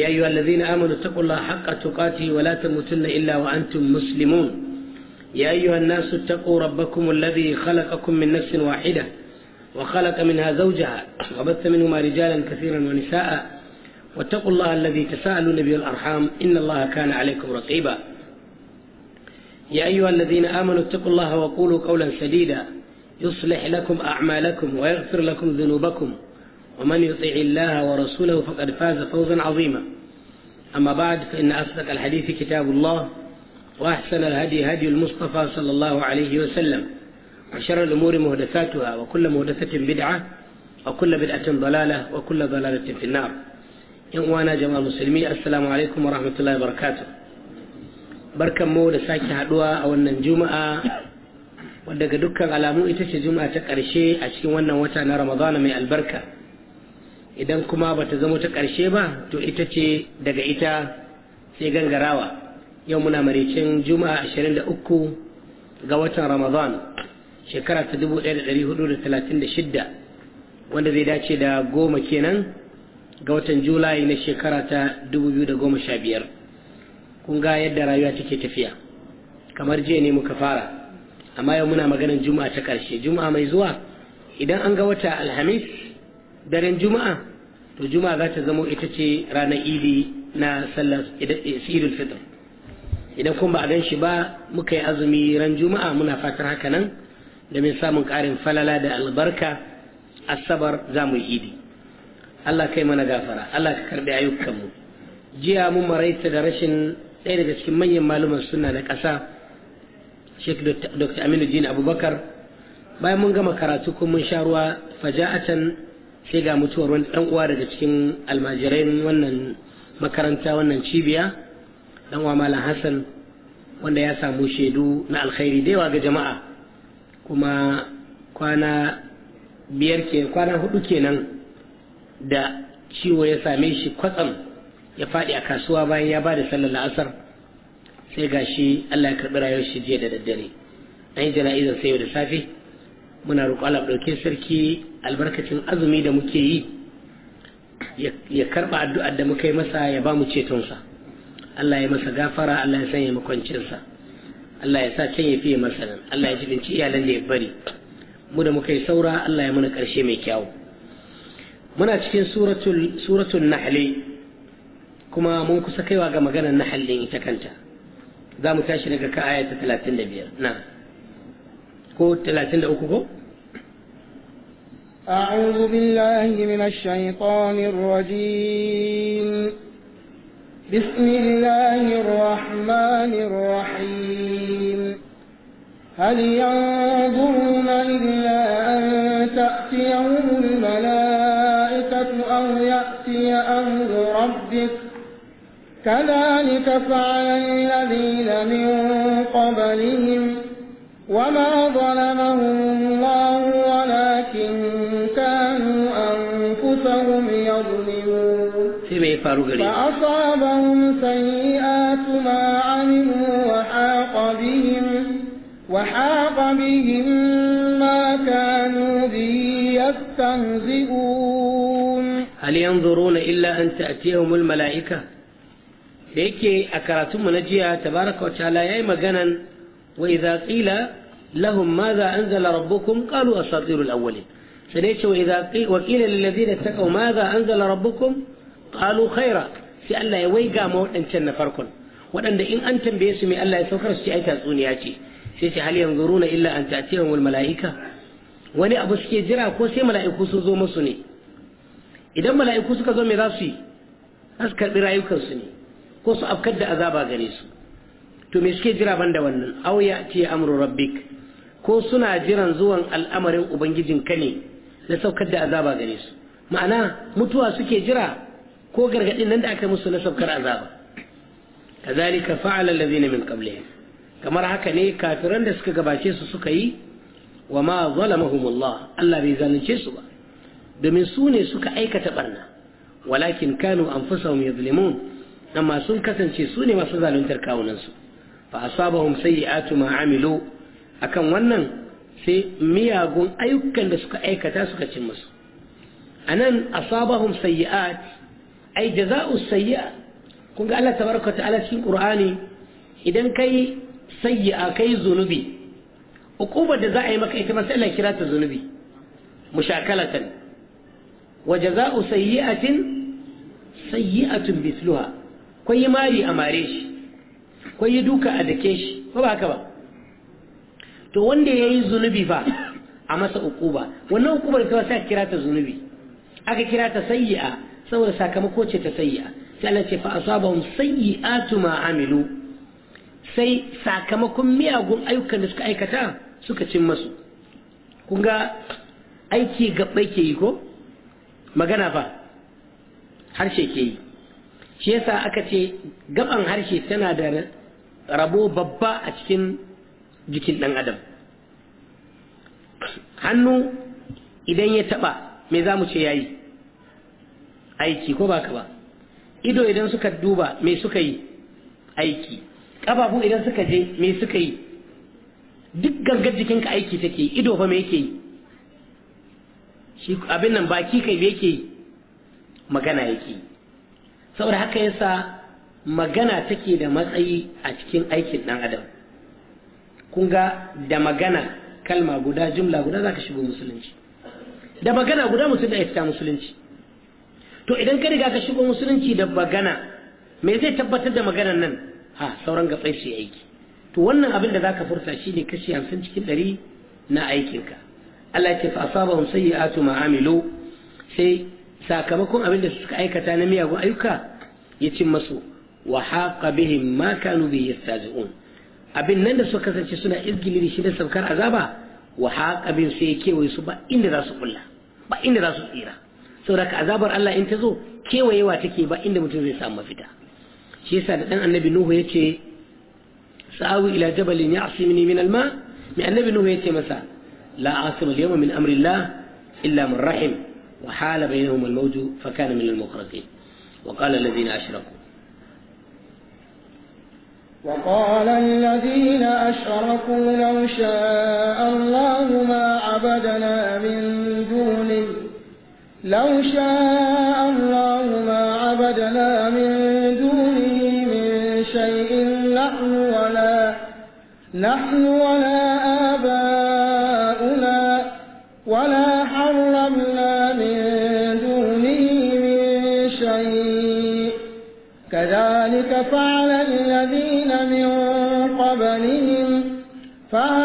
يا أيها الذين آمنوا اتقوا الله حق تقاته ولا تموتن إلا وأنتم مسلمون يا أيها الناس اتقوا ربكم الذي خلقكم من نفس واحدة وخلق منها زوجها وبث منهما رجالا كثيرا ونساء واتقوا الله الذي تساءلوا نبي الأرحام إن الله كان عليكم رقيبا يا أيها الذين آمنوا اتقوا الله وقولوا قولا سديدا يصلح لكم أعمالكم ويغفر لكم ذنوبكم ومن يطع الله ورسوله فقد فاز فوزا عظيما أما بعد فإن أصدق الحديث كتاب الله وأحسن الهدي هدي المصطفى صلى الله عليه وسلم وشر الأمور مهدثاتها وكل مهدثة بدعة وكل بدعة ضلالة وكل ضلالة في النار وانا جماعة المسلمين السلام عليكم ورحمة الله وبركاته بركة مولى ساكي هدوى أو النجومة wadda ga dukkan alamu ita ce juma'a ta ƙarshe a cikin wannan wata na ramadana mai albarka idan kuma ba ta zama ta ƙarshe ba to ita ce daga ita sai gangarawa yau muna maraicin juma'a 23 ga watan ramadan shekara ta 1436 wanda zai dace da goma kenan ga watan julai na shekara ta 2015 kun ga yadda rayuwa take tafiya kamar jiya ne muka fara amma yau muna maganin juma'a ta ƙarshe juma'a mai zuwa idan an ga wata alhamis daren juma'a to juma'a za ta zamo ita ce ranar idi na sallar eh, idul fitr idan kuma ba a gan shi ba muka yi azumi ran juma'a muna fatar haka nan domin samun karin falala da albarka asabar za mu yi idi allah kai mana gafara allah ka karɓi ayyukanmu jiya mun maraita da rashin ɗaya daga cikin manyan maluman suna na ƙasa sheik dr aminu jini abubakar bayan mun gama karatu kuma mun sha ruwa faja'atan sai ga mutuwar wani dan uwa daga cikin almajirai wannan makaranta wannan cibiya dan uwa malam hassan wanda ya samu shaidu na alkhairi da yawa ga jama'a kuma kwana biyar ke kwana hudu kenan da ciwo ya same shi kwatsam ya faɗi a kasuwa bayan ya ba da sallar la'asar sai ga shi allah ya karɓi rayuwar shi jiya da daddare an yi jana'izar sai da safe muna roƙo allah ɗauke sarki albarkacin azumi da muke yi ya karba addu'ar da muka yi masa ya ba mu cetonsa Allah ya masa gafara Allah ya sanya makwancinsa Allah ya sa can ya fiye masa nan Allah ya jibinci iyalan da ya bari mu da muka yi saura Allah ya mana karshe mai kyawu muna cikin suratul suratul nahli kuma mun kusa kaiwa ga maganar nahl din ita kanta za mu tashi daga ka aya ta 35 na ko 33 ko أعوذ بالله من الشيطان الرجيم بسم الله الرحمن الرحيم هل ينظرون إلا أن تأتيهم الملائكة أو يأتي أمر ربك كذلك فعل الذين من قبلهم وما ظلمهم الله فأصابهم سيئات ما عملوا وحاق بهم وحاق بهم ما كانوا به يستهزئون هل ينظرون إلا أن تأتيهم الملائكة ليكي أكرت منجية تبارك وتعالى يا مجنا وإذا قيل لهم ماذا أنزل ربكم قالوا أساطير الأولين سنيش وإذا قيل وقيل للذين اتقوا ماذا أنزل ربكم qalu khaira sai Allah ya waiga ma waɗancan na farkon waɗanda in an tambaye su me Allah ya saukar su ce ai tatsuniya ce sai ce hal yanzuruna illa an ta'tiyahum al mala'ika wani abu suke jira ko sai mala'iku su zo musu ne idan mala'iku suka zo me za su yi za su karɓi rayukansu ne ko su afkar da azaba gare su to me suke jira banda wannan aw ya'ti amru rabbik ko suna jiran zuwan al'amarin ubangijinka ne na saukar da azaba gare su ma'ana mutuwa suke jira ko gargadin nan da aka musu na sabkar azaba kazalika fa'ala allazina min qablihim kamar haka ne kafiran da suka gabace su suka yi wa ma zalamahumullah Allah bai zalunce su ba domin su ne suka aikata barna walakin kanu anfusahum yadhlimun amma sun kasance su ne masu zaluntar kawunansu fa asabahum sayyi'atu ma amilu akan wannan sai miyagun ayyukan da suka aikata suka cin musu anan asabahum sayyi'at ai jaza'u sayya kun ga Allah tabaraka ta'ala cikin Qur'ani idan kai sayyi'a kai zunubi uqubar da za a yi maka ita ma sai Allah kira ta zunubi mushakalatan wa jaza'u sayyi'atin sayyi'atun mithluha kwai mari a mare shi kwai duka a dake shi ko ba haka ba to wanda yayi zunubi fa a masa uquba wannan uqubar ta sai kira ta zunubi aka kira ta sayyi'a saboda sakamako ce ta sayya sai Allah ce fa asabahum sayyi'atu ma amilu sai sakamakon miyagun ayyukan da suka aikata suka cin masu kun ga aiki gabbai ke yi ko magana fa harshe ke yi shi yasa aka ce gaban harshe tana da rabo babba a cikin jikin ɗan adam hannu idan ya taɓa me za mu ce ya yi aiki ko baka ba ido idan suka duba me suka yi aiki ƙafafu idan suka je me suka yi duk gangar jikinka aiki take ido fa me yake yi shi abin nan baki kai me yake yi magana yake yi saboda haka yasa magana take da matsayi a cikin aikin ɗan adam kun ga da magana kalma guda jumla guda za ka shigo musulunci da magana guda mutum da ya fita musulunci to idan ka riga ka shigo musulunci da magana me zai tabbatar da maganar nan ha sauran gatsai su aiki to wannan abin da zaka furta shine kashi 50 cikin ɗari na aikinka Allah ya ce fa asabahum sayyi'atu ma amilu sai sakamakon abin da suka aikata na miyagun ayyuka ya cin masu wa haqa bihim ma kanu bi yastazi'un abin nan da suka kasance suna izgili da shi da saukar azaba wa haqa bin sai kewaye su ba inda za su kulla ba inda za su tsira saboda ka azabar Allah in ta zo kewayewa take ba inda mutum zai samu mafita shi yasa da dan annabi nuhu yace sa'awi ila jabalin ya'simuni min alma mai annabi nuhu yace masa la asima al-yawma min amri Allah illa min rahim wa hala bainahum al-mawj fa kana min al-mukhrajin wa qala alladhina ashraku وقال الذين أشركوا لو شاء الله ما عبدنا من دونه لو شاء الله ما عبدنا من دونه من شيء نحن ولا نحن ولا آباؤنا ولا حرمنا من دونه من شيء كذلك فعل الذين من قبلهم فعل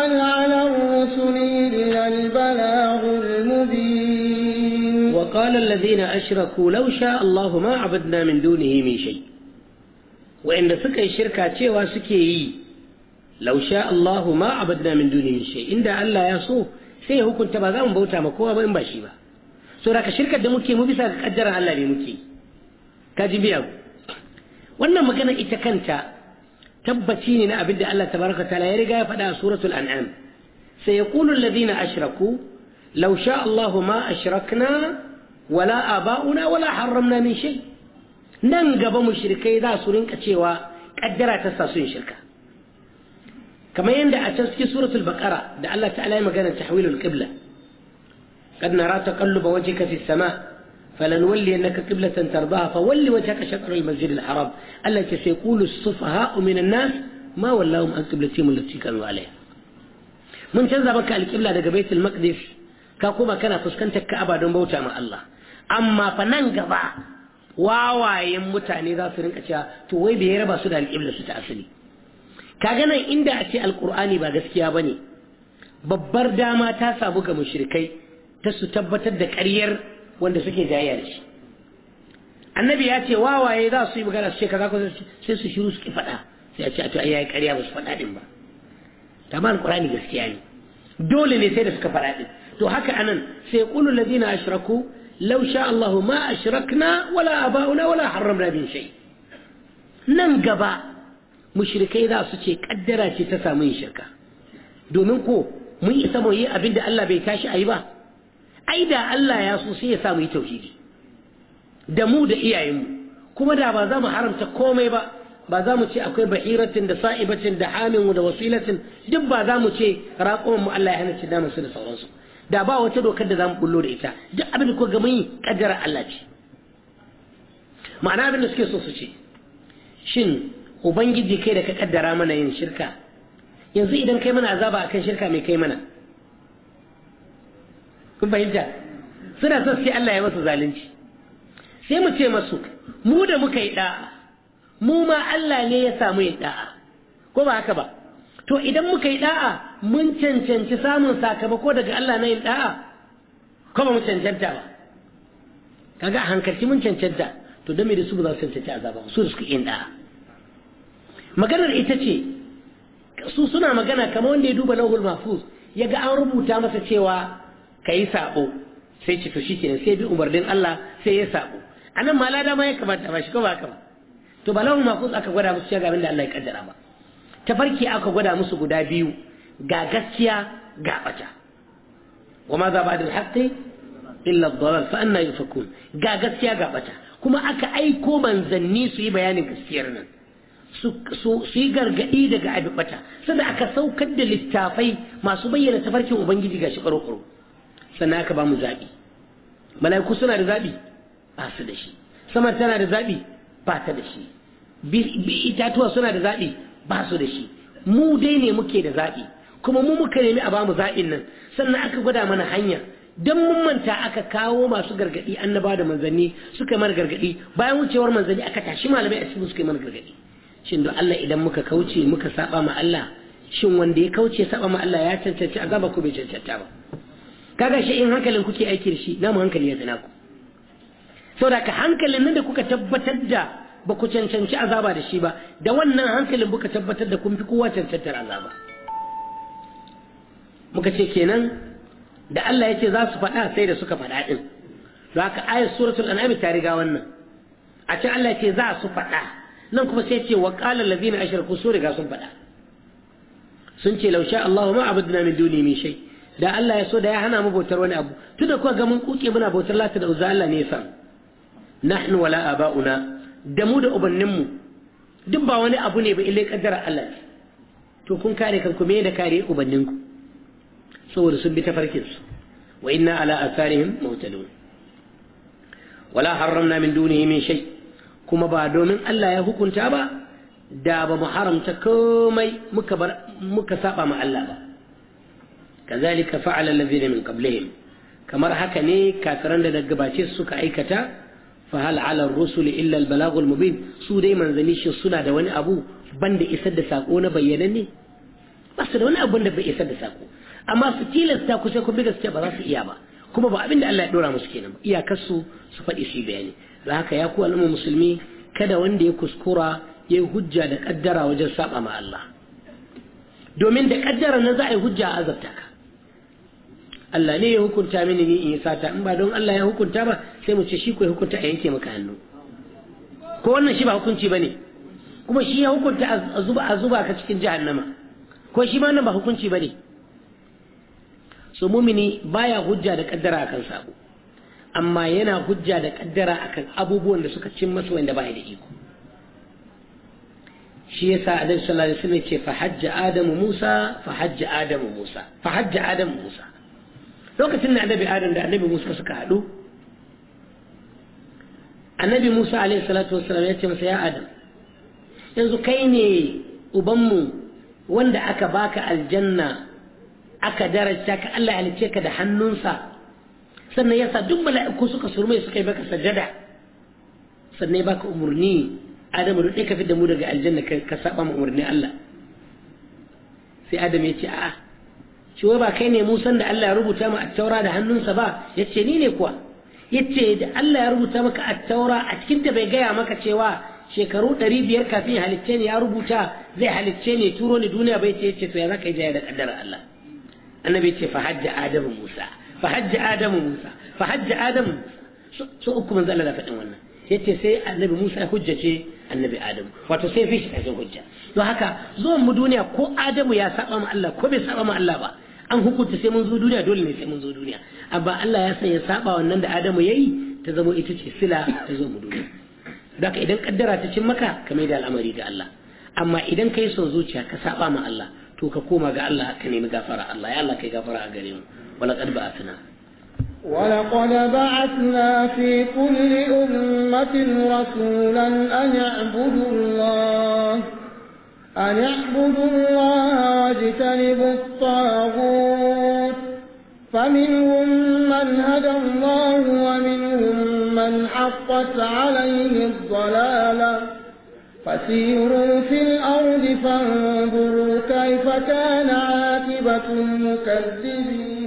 وقال الذين أشركوا لو شاء الله ما عبدنا من دونه من شيء وإن سكي شركة تيوا سكي لو شاء الله ما عبدنا من دونه من شيء إن الله يسوه sai ya hukunta ba za mu bauta ma kowa ba in ba shi ba so da ka da muke mu bisa ga kaddara Allah ne muke ka ji biya wannan maganar ita kanta tabbaci ne na abin da Allah tabaraka taala ya riga ya fada a suratul an'am sai yaqulu alladhina ashraku law sha Allahu ma ashrakna ولا أباؤنا ولا حرمنا من شيء نم قبا مشركي ذا سورين كتشيوا قدرا تساسوين شركا كما يندع أتسكي سورة البقرة دع الله تعالى مكان تحويل القبلة قد نرى تقلب وجهك في السماء فلنولي أنك قبلة ترضاها فولي وجهك شطر المسجد الحرام التي سيقول الصفهاء من الناس ما ولاهم عن قبلتهم التي كانوا عليها من تذهبك القبلة دق بيت المقدس كاكوبا كانت تسكنتك كأبا دون بوتا مع الله amma fa nan gaba wawayen mutane za su rinka cewa to wai bai raba su da alƙibla su ta asali kaga nan inda a ce alƙur'ani ba gaskiya ba ne babbar dama ta samu ga mushrikai ta su tabbatar da ƙaryar wanda suke jayya da shi annabi ya ce wawaye za su yi magana su ce kaza ko sai su shiru suke faɗa sai a ce a to ai ƙarya ba su faɗa din ba amma alƙur'ani gaskiya ne dole ne sai da suka faɗa din to haka anan sai qulul ladina ashraku لو شاء الله ما أشركنا ولا أباؤنا ولا حرمنا من شيء ننقبا مشركي ذا سوچي قدرا شي تسامين شركا domin ko mun isa mu yi abin da Allah bai tashi a yi ba ai da Allah ya so sai ya sa mu yi tauhidi da mu da iyayenmu kuma da ba mu haramta komai ba ba za mu ce akwai bahiratin da sa'ibatin da hamin da wasilatin duk ba za mu ce raƙumin mu Allah ya hana ci su da sauransu da ba wata dokar da zamu bullo da ita duk abin da kuka ga mun kaddara Allah ce ma'ana abin da suke so su ce shin ubangiji kai da ka kaddara mana yin shirka yanzu idan kai mana azaba akan shirka mai kai mana kun fahimta suna son sai Allah ya masa zalunci sai mu ce masu mu da muka yi da'a mu ma Allah ne ya samu yin da'a ko ba haka ba to idan muka yi da'a mun cancanci samun sakamako daga Allah na yin da'a kuma mu cancanta ba kaga a hankalci mun cancanta to don me da su ba za su cancanci azaba su da suka yin da'a maganar ita ce su suna magana kamar wanda ya duba lauhul mahfuz ya ga an rubuta masa cewa ka yi sabo sai ci to shi kenan sai bi umarnin Allah sai ya sabo anan ma lada ma ya kamata ba shi ko ba haka ba to ba lauhul mahfuz aka gwada musu cewa ga abin da Allah ya kaddara ba tafarki aka gwada musu guda biyu ga gaskiya ga bata wa ma za ba da haƙƙi illa dalal fa anna yufakun ga gaskiya ga bata kuma aka aiko manzanni su yi bayanin gaskiyar nan su yi gargaɗi daga abi bata sannan aka saukar da littafai masu bayyana tafarkin ubangiji ga shi karo sannan aka ba mu zabi mala'iku suna da zaɓi ba su da shi sama tana da zaɓi ba ta da shi itatuwa suna da zaɓi ba su da shi mu dai ne muke da zaɓi kuma mu muka nemi a bamu zaɓin nan sannan aka gwada mana hanya dan mun manta aka kawo masu gargaɗi annaba da manzanni suka mana gargaɗi bayan wucewar manzanni aka tashi malamai a cikin suka mana gargaɗi shin don Allah idan muka kauce muka saba ma Allah shin wanda ya kauce saba ma Allah ya cancanci azaba ko bai cancanta ba kaga shi in hankalin kuke aiki da shi namu hankali ya zina ku saboda ka hankalin nan da kuka tabbatar da ba ku cancanci azaba da shi ba da wannan hankalin muka tabbatar da kun fi kowa cancantar azaba muka ce kenan da Allah ya ce za su faɗa sai da suka faɗa ɗin don haka ayat suratul an'am ta riga wannan a can Allah ya ce za su faɗa nan kuma sai ce wa qala allazina ashraku su riga sun faɗa sun ce law Allahu ma abu min duni min shai da Allah ya so da ya hana mu bautar wani abu tunda kuka ga mun kuke muna bautar lata da uzza Allah ne ya san nahnu wala aba'una da mu da ubanninmu duk ba wani abu ne ba illai kaddara Allah ne to kun kare kanku me da kare ubanninku saboda sun bi ta su wa inna ala atharihim mawtalun wala harramna min dunihi min shay kuma ba domin Allah ya hukunta ba da ba mu haramta komai muka bar muka saba ma Allah ba kazalika fa'ala alladhina min qablihim kamar haka ne kafiran da daga suka aikata fa hal ala rusul illa al balagul mubin su dai manzanni shi suna da wani abu banda isar da sako na bayyananne ba su da wani abu da bai isar da sako amma su tilasta ku sai ku bi gaskiya ba za su iya ba kuma ba abin da Allah ya dora musu kenan ba iyakar su su faɗi su bayani da haka ya ku al'umma musulmi kada wanda ya kuskura ya yi hujja da kaddara wajen saba ma Allah domin da kaddara na za a yi hujja a azabta ka Allah ne ya hukunta mini ni in yi sata in ba don Allah ya hukunta ba sai mu ce shi kuwa hukunta a yanke maka hannu ko wannan shi ba hukunci ba ne kuma shi ya hukunta a zuba a zuba ka cikin jahannama ko shi ma nan ba hukunci ba ne so mumini baya hujja da kaddara akan sabo amma yana hujja da kaddara akan abubuwan da suka cin masa wanda baya da iko shi yasa Adam sallallahu alaihi wasallam ce fa hajja Adamu Musa fa hajja Adamu Musa fa hajja Adamu Musa lokacin da Annabi Adam da Annabi Musa suka haɗu annabi musa alayhi salatu wasalam ya ce masa ya adam yanzu kai ne ubanmu wanda aka baka aljanna aka daraja ka Allah halice ka da hannunsa sannan yasa duk mala'iku suka surmai suka yi baka sajada sannan ya baka umarni adamu duk ka fi da mu daga aljanna ka saba ma umarni Allah sai adam ya ce a'a shi ba kai ne musan da Allah ya rubuta mu a taura da hannunsa ba ya ce ni ne kuwa yace da Allah ya rubuta maka at-taura a cikin ta bai gaya maka cewa shekaru 500 kafin halicce ne ya rubuta zai halicce ne turo ne duniya bai ce yace to ya zaka yi jaya da kaddara Allah annabi ce fa hajja adamu musa fa hajja adamu musa fa hajja adamu so uku manzo Allah da faɗin wannan yace sai annabi musa ya hujjace annabi adamu wato sai fi shi hujja don haka zuwan mu duniya ko adamu ya saba ma Allah ko bai saba ma Allah ba an hukunta sai mun zo duniya dole ne sai mun zo duniya amma Allah ya sanya saba wannan da Adamu yayi ta zama ita ce sila ta zo mu duniya ka idan kaddara ta cin maka ka mai da al'amari ga Allah amma idan kai son zuciya ka saba ma Allah to ka koma ga Allah ka nemi gafara Allah ya Allah kai gafara a gare mu wala qad ba'atna ولقد بعثنا في كل أمة رسولا أن يعبدوا الله أن اعبدوا الله واجتنبوا الطاغوت فمنهم من هدى الله ومنهم من حقت عليه الضلالة فسيروا في الأرض فانظروا كيف كان عاقبة المكذبين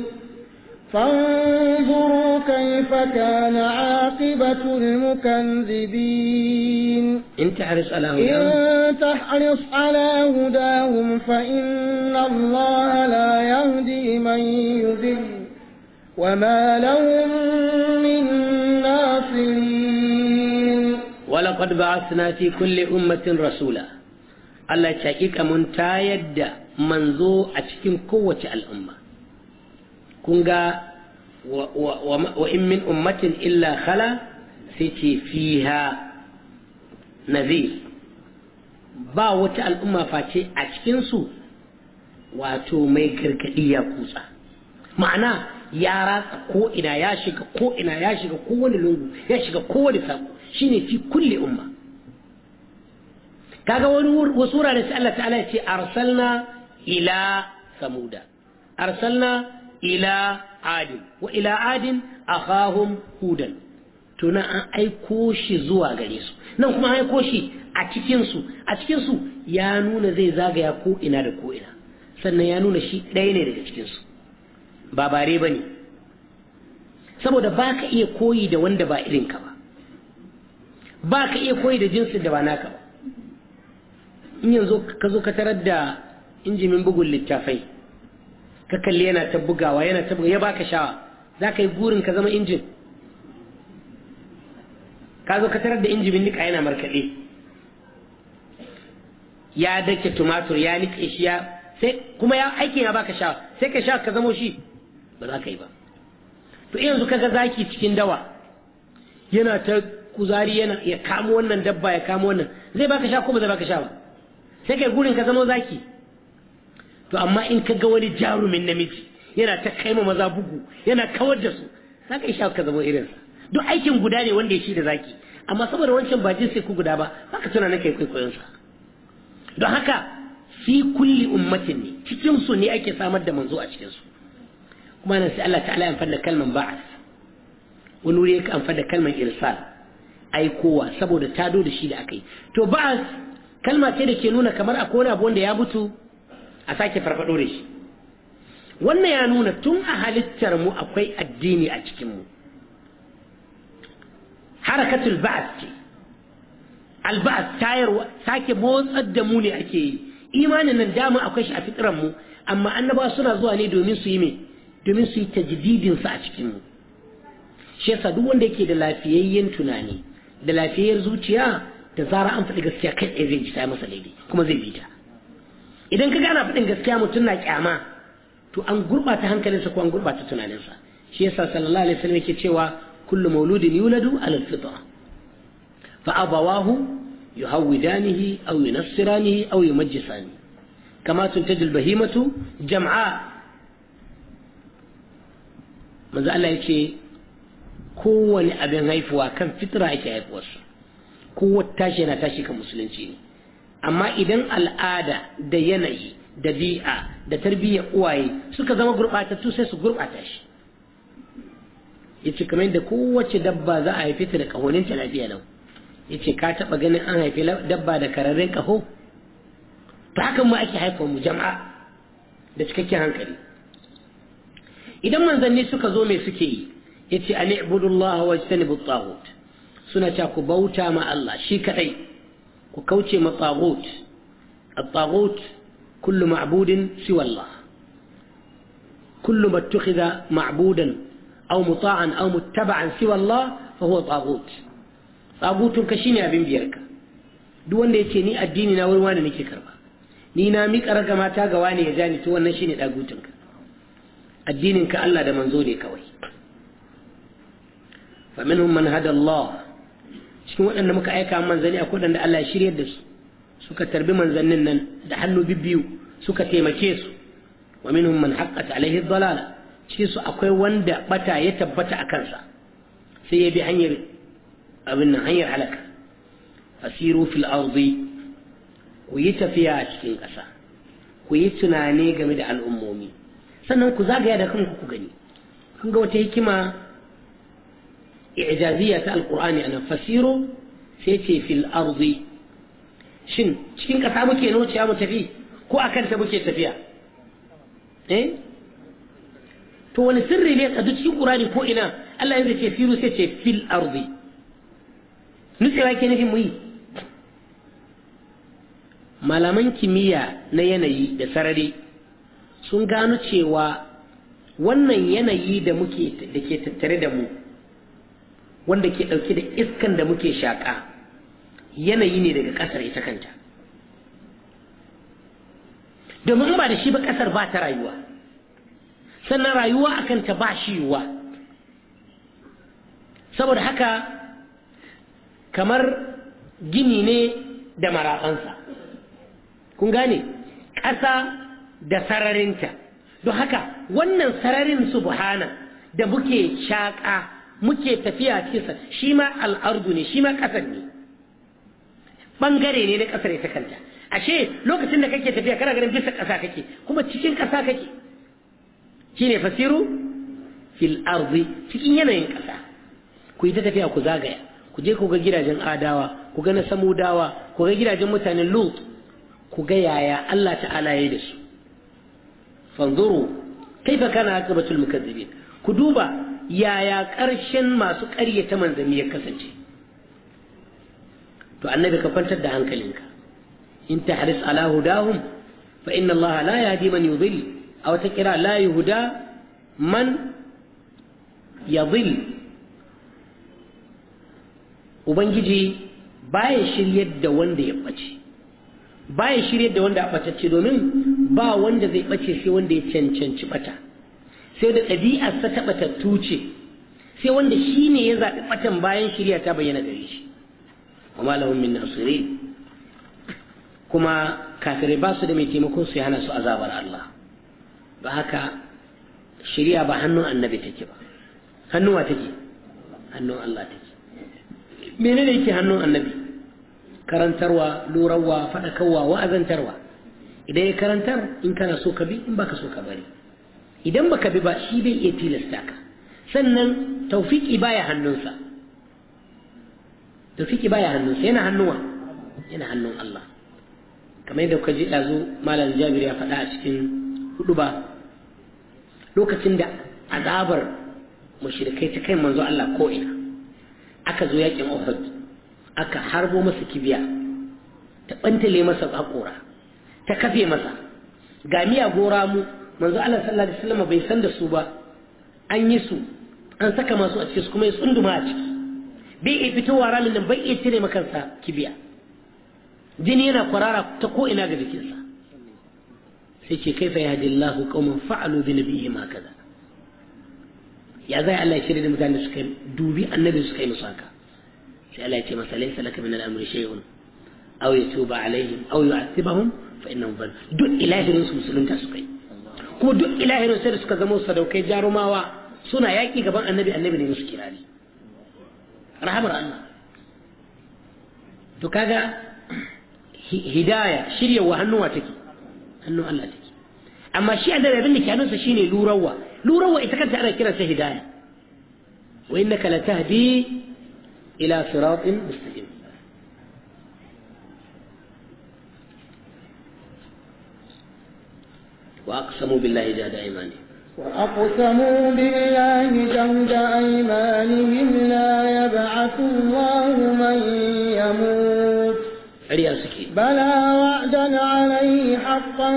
فانظروا كيف كان عاقبة المكذبين إن تحرص على هداهم إن تحرص على هداهم فإن الله لا يهدي من يذل وما لهم من ناصرين ولقد بعثنا في كل أمة رسولا الله تشاكيك من تايد منذ أتكم قوة الأمة kun ga wa in min ummatin illa khala sai ce fiha nazir ba wata al'umma face a cikinsu wato mai gargaɗi ya kutsa ma'ana ya ratsa ko'ina ya shiga ko'ina ya shiga kowane lungu ya shiga kowane saƙo shine fi kulle umma kaga wani wasu wurare sai Allah ta'ala ya ce arsalna ila samuda arsalna ila adin wa ila adin akhahum hudan to an aiko shi zuwa gare su nan kuma an aiko shi a cikin su a cikin su ya nuna zai zagaya ko ina da ko ina sannan ya nuna shi ɗaya ne daga cikin su ba bare ne saboda ba ka iya koyi da wanda ba irin ka ba ba ka iya koyi da jinsin da ba naka ba in yanzu ka zo ka tarar da injimin bugun littafai ka kalli yana ta bugawa yana ta bugawa ya baka shawa za ka yi gurin ka zama injin ka zo ka tarar da injin bin nika yana markaɗe ya dake tumatur ya nika shi ya sai kuma ya aikin ya baka shawa sai ka sha ka zamo shi ba za ka yi ba to yanzu ka ga zaki cikin dawa yana ta kuzari yana ya kamo wannan dabba ya kamo wannan zai baka sha ko ba zai baka sha ba sai kai gurin ka zamo zaki to amma in ka ga wani jarumin namiji yana ta kai ma maza bugu yana kawar da su za ka isha ka zama irinsa duk aikin guda ne wanda ya shi da zaki amma saboda wancan ba jinsi ku guda ba haka tuna na kai sa don haka fi kulli ummatin ne cikin su ne ake samar da manzo a cikin su kuma nan sai Allah ta'ala ya fada da kalman ba'as wani wuri ya amfana da kalman irsal aikowa saboda tado da shi da akai to ba'as kalma ce da ke nuna kamar akwai wani abu wanda ya mutu a sake farfado da shi wannan ya nuna tun a halittar mu akwai addini a cikin mu harakatul ba'ath ce alba'ath tayarwa sake motsar da mu ne ake yi imanin nan dama akwai shi a fitran mu amma annaba suna zuwa ne domin su yi me domin su yi tajdidin sa a cikin mu shi yasa duk wanda yake da lafiyayyen tunani da lafiyayyar zuciya da zara an faɗi gaskiya kai zai ji ta masa daidai kuma zai bi ta idan ka gana faɗin gaskiya mutum na kyama to an gurɓata hankalinsa ko an gurɓata tunaninsa shi yasa sallallahu alaihi wasallam yake cewa kullu mauludin yuladu ala alfitra fa abawahu yuhawidanihi aw yunassiranihi aw yumajjisani kama tuntajil bahimatu jam'a manzo Allah yake kowane abin haifuwa kan fitra ake haifuwarsa kowace tashi yana tashi kan musulunci ne amma idan al'ada da yanayi da bi'a da tarbiyyar uwaye suka zama gurɓatattu sai su gurɓata shi Ya ce kamar da kowace dabba za a haife ta da ƙahonin ta lafiya lau ce ka taɓa ganin an haifi dabba da kararren kaho ta hakan ma ake haifa mu jama'a da cikakken hankali idan manzanni suka zo mai suke yi yace a ibudullaha wa at suna cewa ku bauta ma Allah shi kadai وكوتشي طاغوت الطاغوت كل معبود سوى الله كل ما اتخذ معبودا أو مطاعا أو متبعا سوى الله فهو طاغوت طاغوت كشيني أبين بيركا دون ديتيني الديني ناوي وانا نيكي كربا نينا ميك أرقى ما تاقى واني يزاني توان نشيني تاغوتنك الدين كألا دمنزولي كوي فمنهم من هدى الله cikin waɗanda muka aika manzanni akwai waɗanda Allah ya shiryar da su suka tarbi manzannin nan da hannu bibbiyu suka taimake su wa minhum man haqqat alaihi dhalala cikin su akwai wanda bata ya tabbata a kansa sai ya bi hanyar abin nan hanyar halaka asiru fil ardi ku yi tafiya a cikin ƙasa ku yi tunani game da al'ummomi sannan ku zagaya da kanku ku gani kun ga wata hikima i'jaziyya ta alqur'ani ana fasiro sai ce fil ardi shin cikin kasa muke na wuciya mu tafi ko akan ta muke tafiya eh to wani sirri ne a cikin qur'ani ko ina Allah yanzu ce firu sai ce fil ardi nutsewa ke nufin mu yi malaman kimiyya na yanayi da sarari sun gano cewa wannan yanayi da muke da ke tattare da mu wanda ke ɗauke da iskan da muke shaƙa yanayi ne daga ƙasar ita kanta domin ba da shi ba ƙasar ba ta rayuwa sannan rayuwa a kanta ba shi yiwuwa saboda haka kamar gini ne da maraɓansa kun gane ƙasa da sararinta don haka wannan sararin subhana da muke shaƙa muke tafiya cikin sa shi ma al'ardu ne shi ma kasar ne bangare ne na kasar ita kanta ashe lokacin da kake tafiya kana ganin bisa kasa kake kuma cikin kasa kake shine fasiru fil ardi cikin yanayin kasa ku yi ta tafiya ku zagaya ku je ku ga gidajen adawa ku ga na samudawa ku ga gidajen mutanen lut ku ga yaya Allah ta'ala ya yi da su fanzuru kaifa kana aqibatul mukazzibin ku duba yaya ƙarshen masu ta manzanni ya kasance to annabi ka kwantar da hankalinka in ta haris ala hudahum fa inna allaha la yahdi man yudhil a wata kira la yuhda man yadhil ubangiji baya shiryar da wanda ya bace baya shiryar da wanda a ɓatacce domin ba wanda zai ɓace sai wanda ya cancanci ɓata sai da ɗabi'ar sa ta batattu ce sai wanda shi ne ya zaɓi ɓatan bayan shirya ta bayyana gare shi Kuma malahum min nasirin kuma kafirai ba su da mai taimakon su ya hana su azabar Allah ba haka shirya ba hannun annabi take ba hannuwa take hannun Allah take ne yake hannun annabi karantarwa lurarwa faɗakarwa wa'azantarwa idan ya karantar in kana so ka bi in baka so ka bari idan baka bi ba shi bai iya tilasta ka sannan taufiki baya hannunsa taufiki baya hannunsa yana hannuwa yana hannun Allah kamar yadda kuka ji ɗazu malam jabir ya faɗa a cikin hudu ba lokacin da azabar mushrikai ta kai manzo Allah ko ina aka zo yakin Uhud aka harbo masa kibiya ta bantale masa hakora ta kafe masa ga miya gora mu manzo Allah sallallahu alaihi wasallam bai san da su ba an yi su an saka masu a cikin su kuma ya tsunduma a ciki bai iya fitowa ramin nan bai iya cire makansa kibiya jini yana kwarara ta ko ina ga jikinsa sai ce kaifa ya hadi Allahu qauman fa'alu bi nabiyyi ma kaza ya zai Allah ya shirya da mutane suka dubi annabi suka yi musu haka sai Allah ya ce masa laysa laka min al-amri shay'un aw yatuba alaihim aw yu'athibahum fa innahum duk ilahirin su musulunta suka yi ko duk ilahirin sai da suka zama sadaukai jarumawa suna yaƙi gaban annabi annabi ne musu kirari rahamar Allah to kaga hidaya shiryawa hannuwa take hannun Allah take amma shi annabi abin da ke hannunsa shine lurawa lurawa ita kanta ana kiransa hidaya wa innaka latahdi ila siratin mustaqim وأقسموا بالله جهد أيمانهم وأقسموا بالله جهد أيمانهم لا يبعث الله من يموت بلى وعدا عليه حقا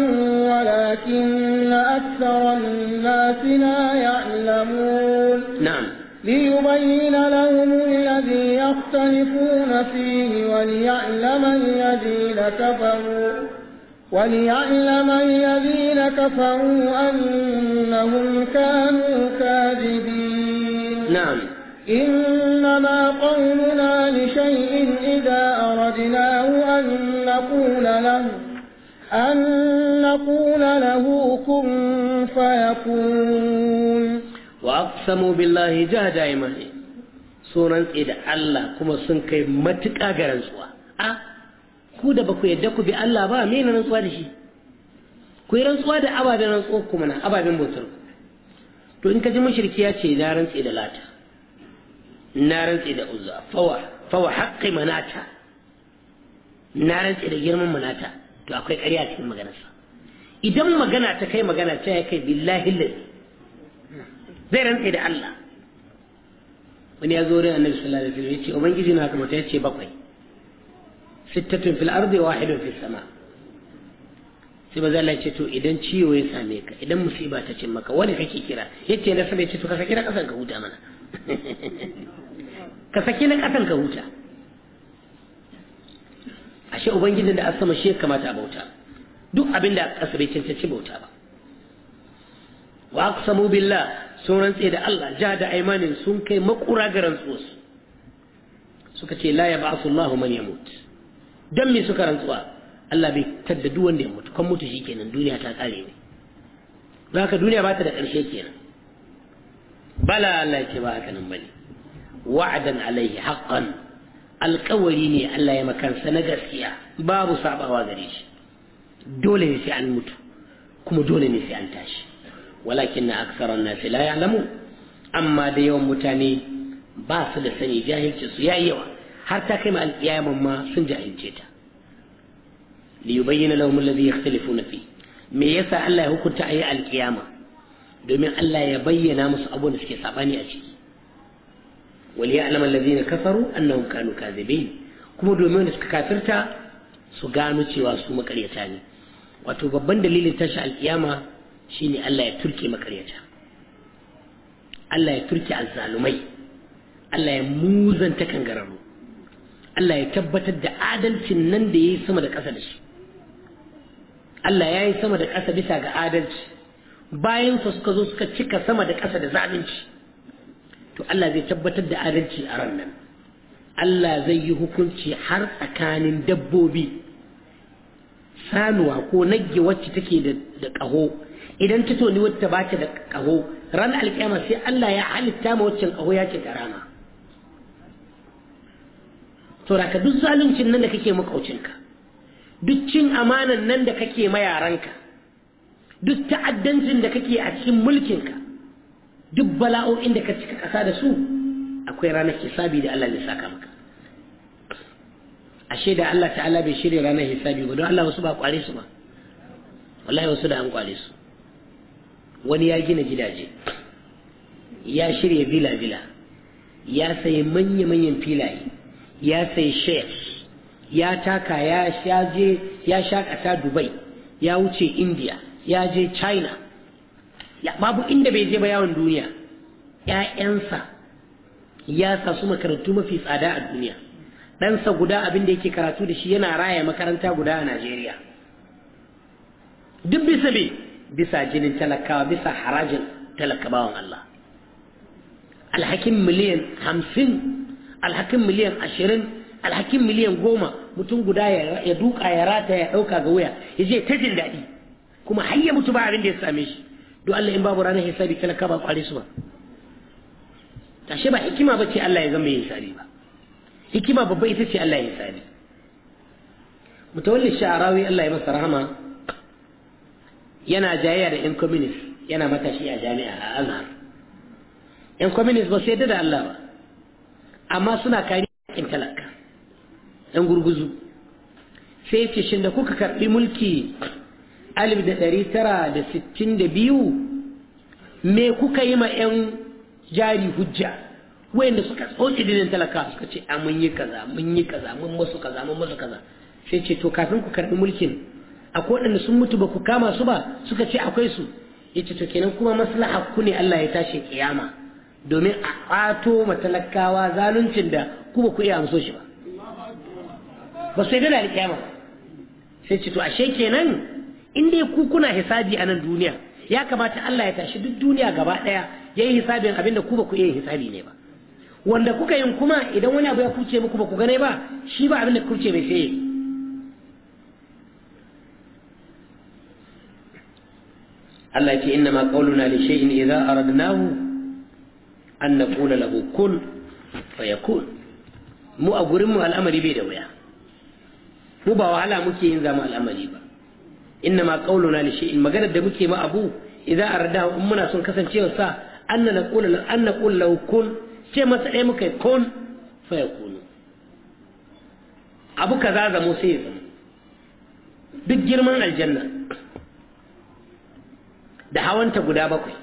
ولكن أكثر الناس لا يعلمون نعم ليبين لهم الذي يختلفون فيه وليعلم الذين كفروا وليعلم الذين كفروا أنهم كانوا كاذبين نعم إنما قولنا لشيء إذا أردناه أن نقول له أن نقول له كن فيكون وأقسموا بالله جهد أيمانهم سورة إذا الله كما سنكي متك أجرزوا أه ku da ba ku yadda ku bi Allah ba me ne rantsuwa da shi ku yi rantsuwa da ababen rantsuwa ku mana ababen bautar ku. to in ka ji mushriki ya ce na rantsi da lata na rantsi da uzza fawa fawa haqqi manata na rantsi da girman manata to akwai ƙarya cikin sa. idan magana ta kai magana ta ya kai billahi lillahi zai rantsi da Allah wani ya zo da annabi sallallahu alaihi wasallam ya ce ubangiji na kamata ya ce bakwai sittatun fil ardi wahidun fis sama sai ba maza Allah ce to idan ciwo ya same ka idan musiba ta cin maka wani kake kira yace na sama ce to ka saki na kasan ka huta mana ka saki na kasan ka huta ashe ubangijin da asama shi ya kamata a bauta duk abin da aka bai cancanci bauta ba wa aqsamu billah sun rantse da Allah ja da aimanin sun kai makura ga rantsuwarsu suka ce la ya ba'asu Allah man yamut don me suka rantsuwa Allah bai tadda duk wanda ya mutu kan mutu shikenan duniya ta kare ne ba haka duniya ba ta da ƙarshe kenan bala Allah ce ba haka nan bane wa'adan alaihi haqqan alƙawari ne Allah ya makansa na gaskiya babu sabawa gare shi dole ne sai an mutu kuma dole ne sai an tashi walakin na aksaran nasi la ya'lamu amma da yawan mutane ba su da sani jahilci su ya yi yawa har ta kai ma alƙiyaman ma sun jahilce ta li yubayyana lahum alladhi yakhtalifuna fi me yasa Allah ya hukunta ayi alƙiyama domin Allah ya bayyana musu abun da suke sabani a ciki wal kasaru alladhina kafaru annahum kanu kadhibin kuma domin da suka kafirta su gano cewa su makaryata ne wato babban dalilin tashi alƙiyama shine Allah ya turke makaryata Allah ya turke azzalumai Allah ya muzanta kangararru Allah ya tabbatar da adalcin nan da ya yi sama da ƙasa da shi Allah ya yi sama da ƙasa bisa ga adalci bayan su suka zo suka cika sama da ƙasa da zalunci to Allah zai tabbatar da adalci a ran nan Allah zai yi hukunci har tsakanin dabbobi sanuwa ko nagge wacce take da ƙaho idan ta toni wata ba ta da ƙaho ran alƙiyama sai Allah ya halitta ma waccan ƙaho ya ce karama saboda ka duk zaluncin nan da kake makaucinka duk cin amanan nan da kake ma duk ta'addancin da kake a cikin mulkinka duk bala'o'in da ka cika ƙasa da su akwai ranar hisabi da Allah ya saka maka ashe da Allah ta'ala bai shirya ranar hisabi ba don Allah wasu ba kware su ba wallahi wasu da an kware su wani ya gina gidaje ya shirya vila vila ya sayi manya-manyan filaye ya sai shares ya taka ya je ya shakata dubai ya wuce india ya je china ya babu inda bai je ba yawon duniya ‘ya'yansa ya sa su makarantu mafi tsada a duniya ɗansa guda abin da yake karatu da shi yana raya makaranta guda a najeriya duk bisa bi bisa jinin talakawa bisa harajin talakabawan allah alhakin miliyan hamsin alhakin miliyan ashirin alhakin miliyan goma mutum guda ya duka ya rata ya ɗauka ga wuya ya je ta jin daɗi kuma har ya mutu ba abin da ya same shi don Allah in babu ranar hisabi kana kaba kware su ba Tashi ba hikima ba ce Allah ya zama yin hisabi ba hikima babba ita ce Allah ya hisabi mutawalli sha'arawi Allah ya masa rahama yana jayayya da yan communist yana matashi a jami'a a azhar yan communist ba sai da Allah ba amma suna kari haƙƙin talaka ɗan gurguzu sai ce shi da kuka karɓi mulki alif da ɗari tara da sittin da biyu me kuka yi ma 'yan jari hujja da suka tsoci dinin talaka suka ce a ah, mun yi kaza mun yi kaza mun masu kaza mun masu kaza sai ce to kafin ku karɓi mulkin akwai waɗanda sun mutu ba ku kama su ba suka ce akwai su Ya ce to kenan kuma maslaha ku ne Allah ya tashi kiyama domin a ƙato matalakawa zaluncin da ku ba ku iya amso shi ba ba su yadda da kyamar sai ce to ashe kenan inda dai ku kuna hisabi a nan duniya ya kamata Allah ya tashi duk duniya gaba ɗaya ya yi hisabin abin da ku ba ku iya hisabi ne ba wanda kuka yin kuma idan wani abu ya kuce muku ba ku gane ba shi ba abin da kuce mai sai Allah ya ce inna ma qauluna li shay'in idza aradnahu an na kula lahu fayakun mu a gurinmu al'amari bai da waya mu ba wahala muke yin zama al'amari ba inna ma qauluna li shay'in maganar da muke ma abu idan arda in muna son kasancewa sa anna naqula an na law ce masa dai muka kun fayakun abu kaza zamo sai ya duk girman aljanna da hawanta guda bakwai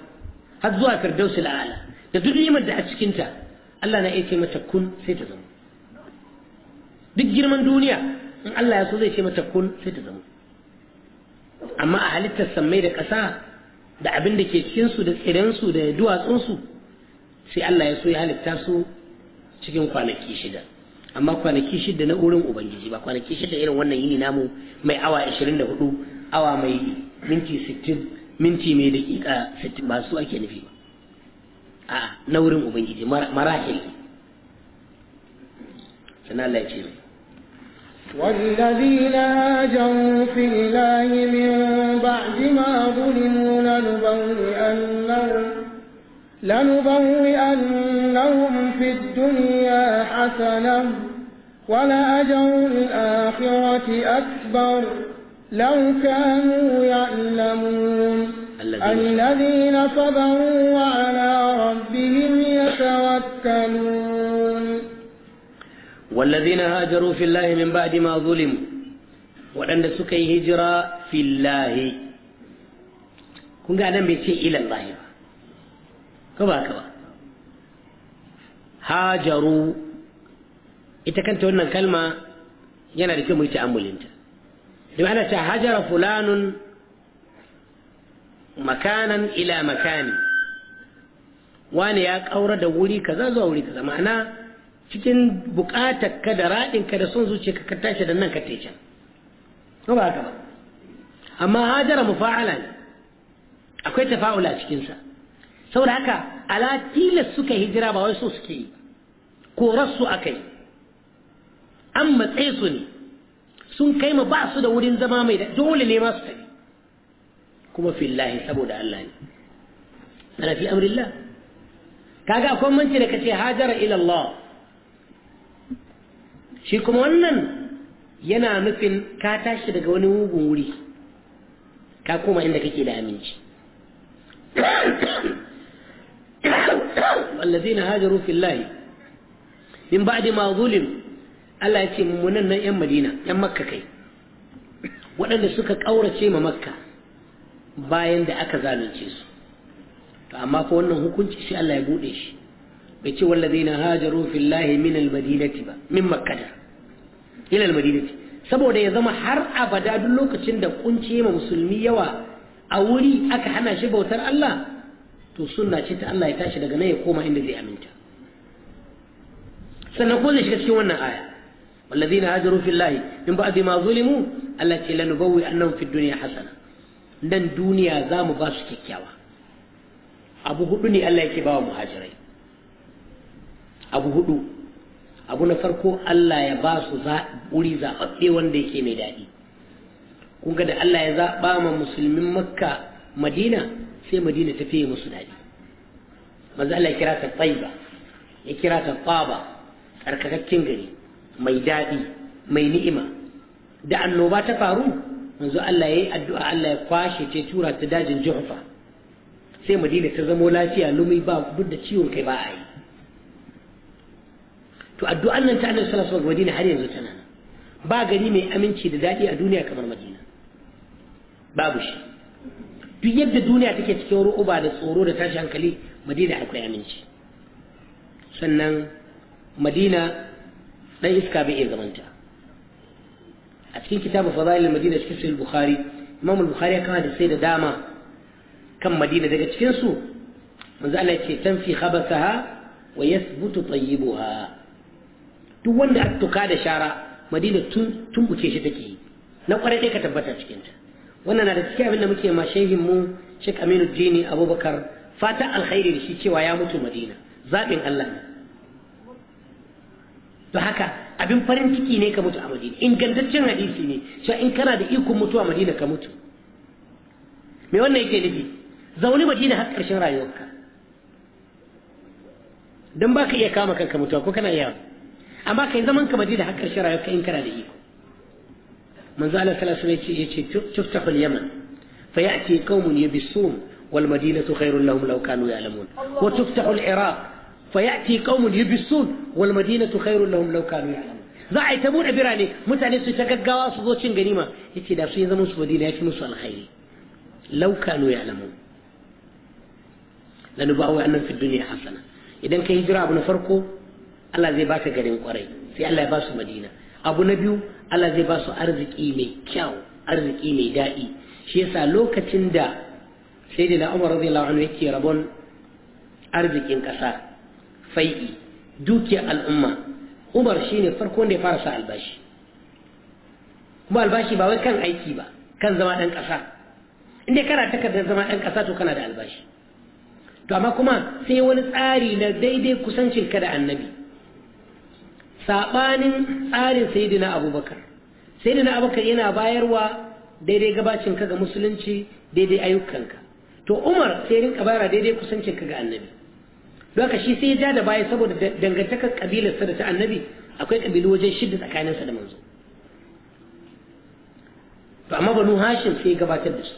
har zuwa firdausul a'la da duk nimar da a cikinta Allah na iya ce mata kun sai ta zama duk girman duniya in Allah ya so zai ce mata kun sai ta zama amma a halittar samai da ƙasa da abin da ke cikinsu da tsirinsu da duwatsunsu sai Allah ya so ya halitta su cikin kwanaki shida amma kwanaki shida na wurin ubangiji ba kwanaki shida irin wannan yini namu mai awa 24 awa mai minti 60 minti mai daƙiƙa 60 ba su ake nufi ba a na wurin ubangiji marahil sana Allah ya ce mai والذين هاجروا في الله من بعد ما ظلموا لنبوئنهم لنبوئنهم في الدنيا حسنة ولأجر الآخرة أكبر لو كانوا يعلمون الذين صبروا وعلى ربهم يتوكلون والذين هاجروا في الله من بعد ما ظلموا وعند سكي هجرا في الله كنت أنا بيتي إلى الله كما كما هاجروا إذا كنت هنا الكلمة ينا لكم يتأملين إنت أنا هاجر فلان makanan ila makani wani ya kaura da wuri kaza zuwa wuri zama ma'ana cikin bukatar ka da raɗin ka da son zuciya ka tashi da nan ka tece ko ba haka ba amma hajara mufa'ala ne akwai tafa'ula a cikinsa saboda haka ala tilas suka hijira ba wai so suke yi rasu su akai an matsaye su ne sun kai ma ba su da wurin zama mai dole ne ma su tafi kuma fillahi saboda Allah ne ana fi amrillah kaga akwai manci da kace hajara ila Allah shi kuma wannan yana nufin ka tashi daga wani mugun wuri ka koma inda kake da aminci والذين hajaru fillahi الله من بعد ما Allah ya ce mummunan nan 'yan Madina 'yan Makka kai waɗanda suka ƙaurace ma Makka bayan da aka zalunce su to amma ko wannan hukunci shi Allah ya bude shi bai ce wallazina hajaru fillahi min almadinati ba min makkah ila almadinati saboda ya zama har abada duk lokacin da kunci ma musulmi yawa a wuri aka hana shi bautar Allah to sunna ce ta Allah ya tashi daga nan ya koma inda zai aminta sannan ko zai shiga cikin wannan aya wallazina hajaru fillahi min ba'di ma zulimu Allah ce lanubawwi annahum fid dunya hasana nan duniya za mu ba su kyakkyawa abu hudu ne Allah yake bawa muhajirai abu hudu abu na farko Allah ya ba su wuri zaɓaɓɓe wanda yake mai daɗi kun ga da Allah ya zaɓa ma musulmin makka madina sai madina ta fiye musu daɗi maza Allah ya kira ta tsaiba ya kira ta tsaba tsarkakakken gari mai daɗi mai ni'ima da annoba ta faru manzo Allah yi addu'a Allah ya kwashe ce tura ta dajin Juhfa sai Madina ta zamo lafiya lumi ba duk da ciwon kai ba a yi to addu'an nan ta Annabi sallallahu alaihi wasallam Madina har yanzu tana ba gani mai aminci da daɗi a duniya kamar Madina babu shi duk yadda duniya take cikin ru'uba da tsoro da tashi hankali Madina akwai aminci sannan Madina dan iska bai iya zamanta a cikin kitabu fadailul madina cikin sahih bukhari imam bukhari ya kawo da sai da dama kan madina daga cikin su manzo Allah ya ce tanfi khabasaha wa yathbutu tayyibuha duk wanda aka tuka da shara madina tun tumbuke shi take na kware dai ka tabbata cikin ta wannan na da cikin abin da muke ma shehin mu Sheikh Aminu Dini Abubakar fata alkhairi da shi cewa ya mutu Madina zabin Allah ne to haka abin farin ciki ne ka mutu a madina ingantaccen hadisi ne cewa in kana da ikon mutuwa madina ka mutu me wannan yake nufi zaune madina har ƙarshen rayuwarka don ba ka iya kama kanka mutuwa ko kana iya amma kai zaman ka madina har ƙarshen rayuwarka in kana da iko manzo Allah sallallahu alaihi yace tuftahu al-yaman fa ya'ti qaumun yabsum wal madinatu khairun lahum law kanu ya'lamun wa tuftahu al-iraq فيأتي قوم يبسون والمدينة خير لهم لو كانوا يعلمون za a yi ta buɗe birane mutane su ta gaggawa su zo cin ganima yace da su yi zaman su madina ya fi musu alkhairi law kanu ya'lamun lanu ba wa annan fi dunya hasana idan ka hijira abu na farko Allah zai baka garin kwarai sai Allah ya ba su madina abu na biyu Allah zai ba su arziki mai kyau arziki mai daɗi shi yasa lokacin da sai da Umar radiyallahu anhu yake rabon arzikin ƙasa fai'i dukiyar al'umma umar shine farko da ya fara sa albashi kuma albashi ba wai kan aiki ba kan zama ɗan ƙasa inda kana takardar zama ɗan ƙasa to kana da albashi to amma kuma sai wani tsari na daidai kusancinka da annabi saɓanin tsarin sayidina abubakar sayidina abubakar yana bayarwa daidai gabacinka ga musulunci daidai ayyukanka to umar sai rinka bayarwa daidai kusancinka ga annabi don shi sai ya ja da baya saboda dangantakar kabilarsa da ta annabi akwai kabilu wajen shidda tsakaninsa da manzo to amma banu hashim sai ya gabatar da su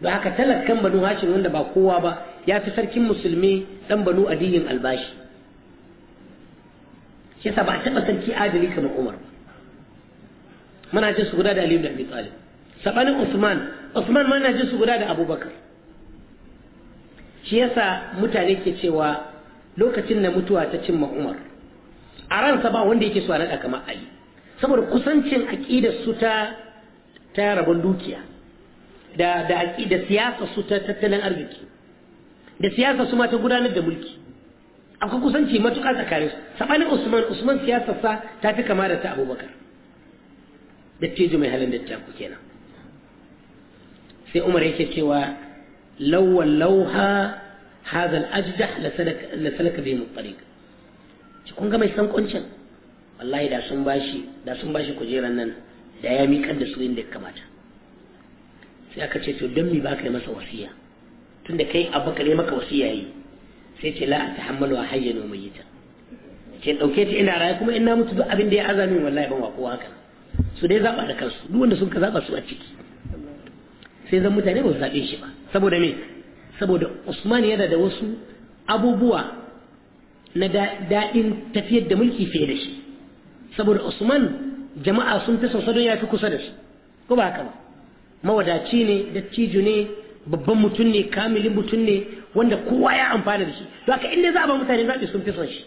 don haka talakkan banu hashim wanda ba kowa ba ya fi sarkin musulmi dan banu adiyin albashi shi yasa ba a taɓa sarki adali kamar umar muna jin su guda da aliyu da abi talib sabanin usman usman ma na jin su guda da abubakar shi yasa mutane ke cewa lokacin na mutuwa ta cimma umar a ransa ba wanda yake so a naɗa kamar ali saboda kusancin aƙidar su ta ta rabon dukiya da da aƙidar siyasa su ta tattalin arziki da siyasa su ma ta gudanar da mulki akwai kusanci matuƙa tsakanin su sabanin usman usman sa ta fi kama da ta abubakar dattijo mai halin dattaku kenan sai umar yake cewa lauha. هذا الأجدح لسلك, لسلك بهم الطريق kun ga mai san kuncin wallahi da sun bashi da sun bashi kujeran nan da ya miƙar da su inda ya kamata sai aka ce to don me ba ka masa wasiya tun da kai abubakar ya maka wasiya yi sai ce la ta hammalu a hayyano mai ta ce ɗauke ta ina raya kuma ina mutu duk abin da ya min wallahi ban wa kowa haka su dai zaɓa da kansu duk wanda sun ka zaɓa su a ciki sai zan mutane ba su zaɓe shi ba saboda me saboda usman yana da wasu abubuwa na daɗin tafiyar da mulki fiye da shi saboda usman jama'a sun fi sonsa don ya fi kusa da su ko ba haka ba mawadaci ne dattijo ne babban mutum ne kamilin mutum ne wanda kowa ya amfana da shi to haka inda za a ba mutane zaɓi sun fi son shi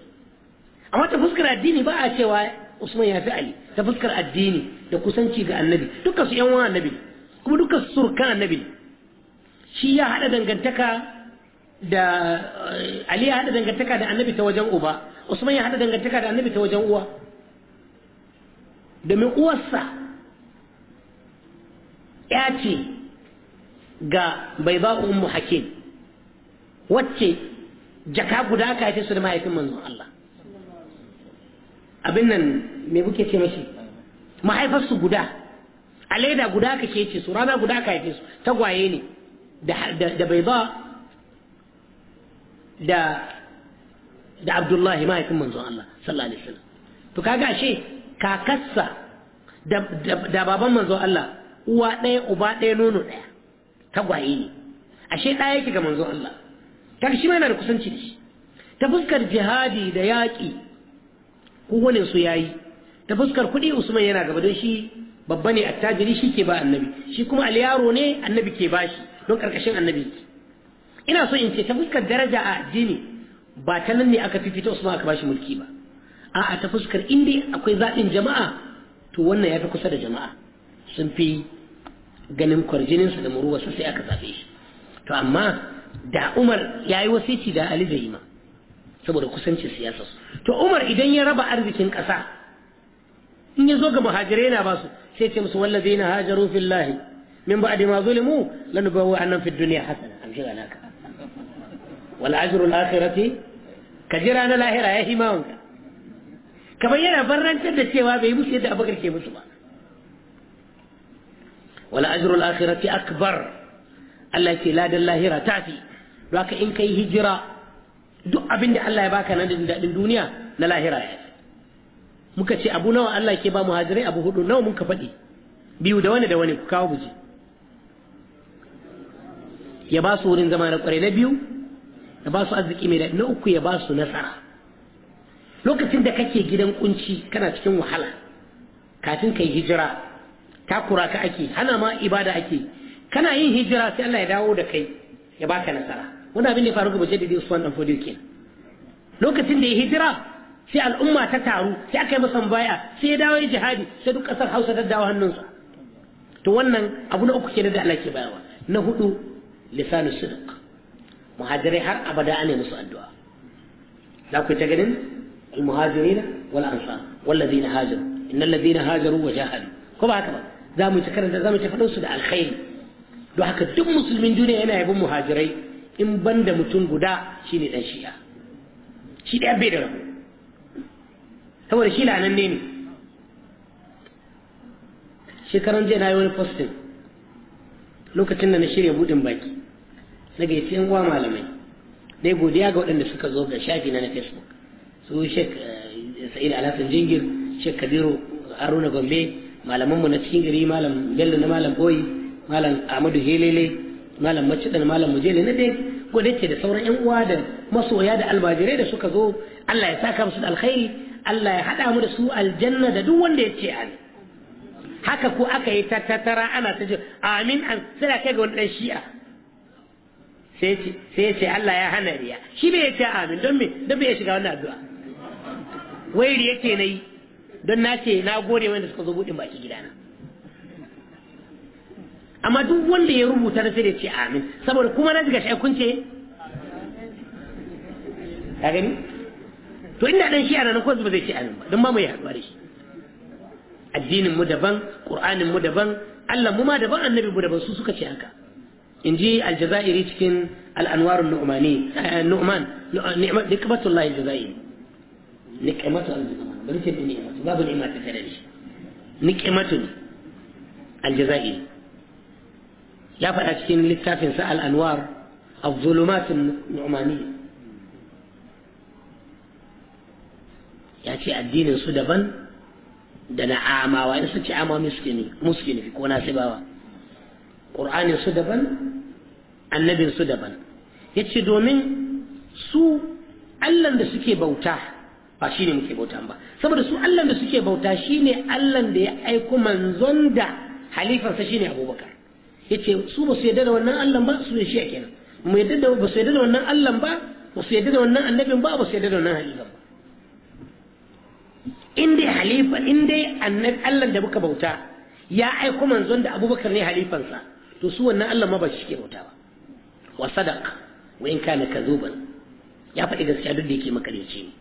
amma ta fuskar addini ba a cewa usman ya fi ali ta fuskar addini da kusanci ga annabi dukkan su yan wani annabi kuma dukkan su surkan annabi shi ya haɗa dangantaka da Ali ya haɗa dangantaka da annabi ta wajen uba Usman ya haɗa dangantaka da annabi ta wajen uwa domin uwarsa ya ce ga bai ba ummu hakim wacce jaka guda aka haife su da mahaifin manzon Allah abin nan me buke ce mashi mahaifarsu guda a leda guda aka ke ce su rana guda aka haife su tagwaye ne da baida da da abdullahi mahaifin manzon Allah sallallahu alaihi wasallam to kaga ashe kakassa da baban manzon Allah uwa ɗaya uba ɗaya nono ɗaya tagwaye ne ashe ɗaya yake ga manzon Allah kaga shi ma yana da kusanci da shi ta fuskar jihadi da yaƙi kowane su yayi ta fuskar kuɗi usman yana gaba don shi babba ne attajiri shi ke ba annabi shi kuma yaro ne annabi ke bashi don karkashin annabi ina so in ce ta fuskar daraja a addini ba ta nan ne aka fifita Usman aka bashi mulki ba a'a ta fuskar inda akwai zaɓin jama'a to wannan ya fi kusa da jama'a sun fi ganin kwarjinin su da muruwa sai aka zaɓe shi to amma da Umar ya yi wasici da Ali da Ima saboda kusancin siyasa to Umar idan ya raba arzikin ƙasa in ya zo ga muhajirai na ba su sai ce musu wallazina hajaru fillahi من بعد ما ظلموا لنبوء عنهم في الدنيا حسنة أمشي أناك والعجر الآخرة كجران لاهرا هي ما أنت كبيرا فرنت الدسيوا بيبوس يدع بكر كي بسوا والعجر الآخرة أكبر التي لا دلله رتاتي لك إن كي هجرة دو أبند الله يباك من الدنيا للآخرة muka أبونا abu nawa Allah ke ba mu hajirai abu hudu nawa muka ya ba su wurin zama na kwarai na biyu ya ba su arziki mai daɗi na uku ya ba su nasara lokacin da kake gidan kunci kana cikin wahala kafin kai hijira takura ka ake hana ma ibada ake kana yin hijira sai Allah ya dawo da kai ya baka nasara wanda abin da ya faru ga bajaddadi Usman dan Fodio ke lokacin da ya hijira sai al'umma ta taru sai aka yi masa baya sai ya dawo ya jihadi sai duk kasar Hausa ta dawo hannunsa to wannan abu na uku kenan da Allah ke bayarwa na hudu lisanu sidq muhajirai har abada ne musu addu'a za ku ta ganin almuhajirina wal ansar wallazina hajaru innal ladina hajaru wa jahadu ko ba haka ba za mu ta karanta za mu ta faɗo su da alkhairi don haka duk musulmin duniya yana yabon muhajirai in ban da mutum guda shine dan shi'a shi ɗaya bai da rabo saboda shi lananne ne shekaran jiya na yi wani posting lokacin da na shirya buɗin baki daga yatin wa malamai dai godiya ga waɗanda suka zo ga shafi na na facebook su shek eh, sa'id alhassan jingir shek kabiru haruna gombe malaman mu na cikin gari malam bello na malam boyi malam ahmadu helele malam macidan malam mujele na dai gode ce da sauran yan uwa da masoya da almajirai da suka zo Allah ya saka musu da alkhairi Allah ya haɗa mu da su aljanna da duk wanda ya ce an haka ko aka yi tattara ana ta amin an sai kai ga wani ɗan shi'a sai ce Allah ya hana riya shi bai ce amin don me don bai shiga wannan addu'a wai riya ce nayi don na ce na gode wanda suka zo buɗe baki gidana amma duk wanda ya rubuta na sai da ce amin saboda kuma na shiga shaikun ce ka gani to inda dan shi a ranar kwanzu ba zai ce amin ba don ba mu yi haɗuwa da shi addinin mu daban ƙur'anin mu daban Allah mu ma daban annabi mu daban su suka ce haka in ji aljazairi cikin al'anwar nu'mani eh, nu'man nikmatu Allah aljazairi nikmatu aljazairi bari ce nikmatu babu ni'ima ta tare da shi nikmatu aljazairi ya faɗa cikin littafin sa al'anwar الظلمات numani. ya ce addinin su daban da na amawa in su ci amawa muskini muskini ko nasibawa ƙur'anin su daban annabin su daban ya ce domin su allan da suke bauta ba shi ne muke bauta ba saboda su allan da suke bauta shi ne allan da ya aiko manzon da halifansa shi ne abubakar ya ce su ba su yadda da wannan allan ba su ne shi a kenan mu yadda da ba su yadda da wannan allan ba ba su yadda da wannan annabin ba ba su yadda da wannan halifan ba in dai halifa in dai allan da muka bauta ya aiko manzon da abubakar ne halifansa to su wannan Allah ma ba shi ke bauta ba wa sadaq wa in kana kazuban ya faɗi gaskiya duk da yake makareci ne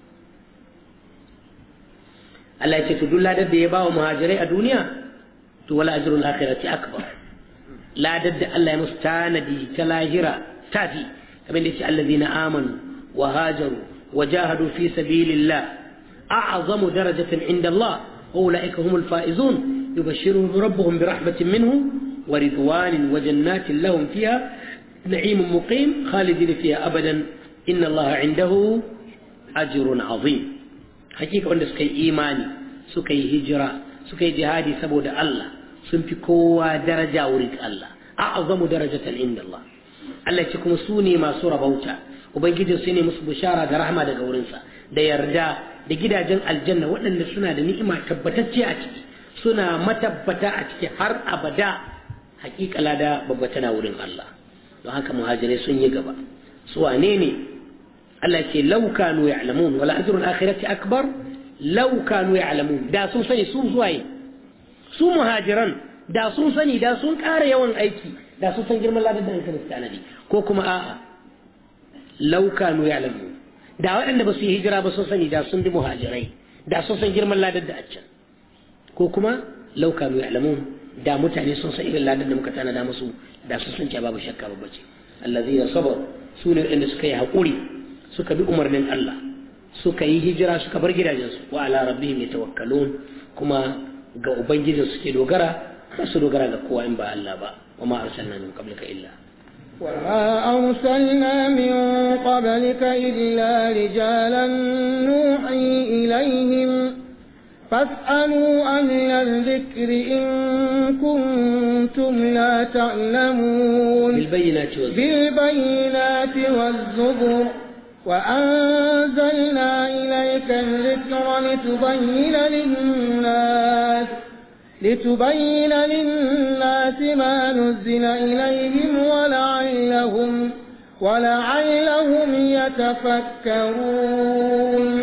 Allah ya ce to duk ladar da ya ba wa muhajirai a duniya to wala ajrul akhirati akbar ladar da Allah ya musu tanadi ta lahira tafi kamar da ya ce allazina amanu wa hajaru wa jahadu fi sabilillah أعظم درجة عند الله أولئك هم الفائزون يبشرهم ربهم برحمة منه ورضوان وجنات لهم فيها نعيم مقيم خالدين فيها أبدا إن الله عنده أجر عظيم حقيقة wanda suka yi imani sukayi hijira suka jihadi saboda Allah sunfi kowa daraja wurin Allah a'azamu daraja inda Allah Allah ce kuma su masu rabauta ubangijin su ne musu bishara da rahama daga wurinsa da yarda da gidajen aljanna waɗanda suna da ni'ima tabbatacce a ciki suna matabbata a ciki har abada hakika lada babba tana wurin Allah don haka muhajirai sun yi gaba su wane ne Allah ce law kanu alamun, wala ajrul akhirati akbar law kanu alamun, da sun sani su zuwaye su muhajiran da sun sani da sun ƙara yawan aiki da sun san girman ladan da an ko kuma a'a law kanu alamun, da waɗanda ba su yi hijira ba sun sani da sun bi muhajirai da sun san girman ladar da a can ko kuma laukanu alamun. da mutane sun san irin ladan da muka tanada musu da su sun san babu shakka babu ce allazina sabar su ne waɗanda suka yi hakuri suka bi umarnin Allah suka yi hijira suka bar gidajensu wa ala rabbihim yatawakkalun kuma ga ubangiji suke dogara ba su dogara ga kowa in ba Allah ba wa ma arsalna min qablika illa وما أرسلنا من قبلك إلا رجالا نوحي إليهم فاسألوا أهل الذكر إن كنتم لا تعلمون بالبينات والزبر, بالبينات والزبر وأنزلنا إليك الذكر لتبين للناس لتبين للناس ما نزل إليهم ولعلهم ولعلهم يتفكرون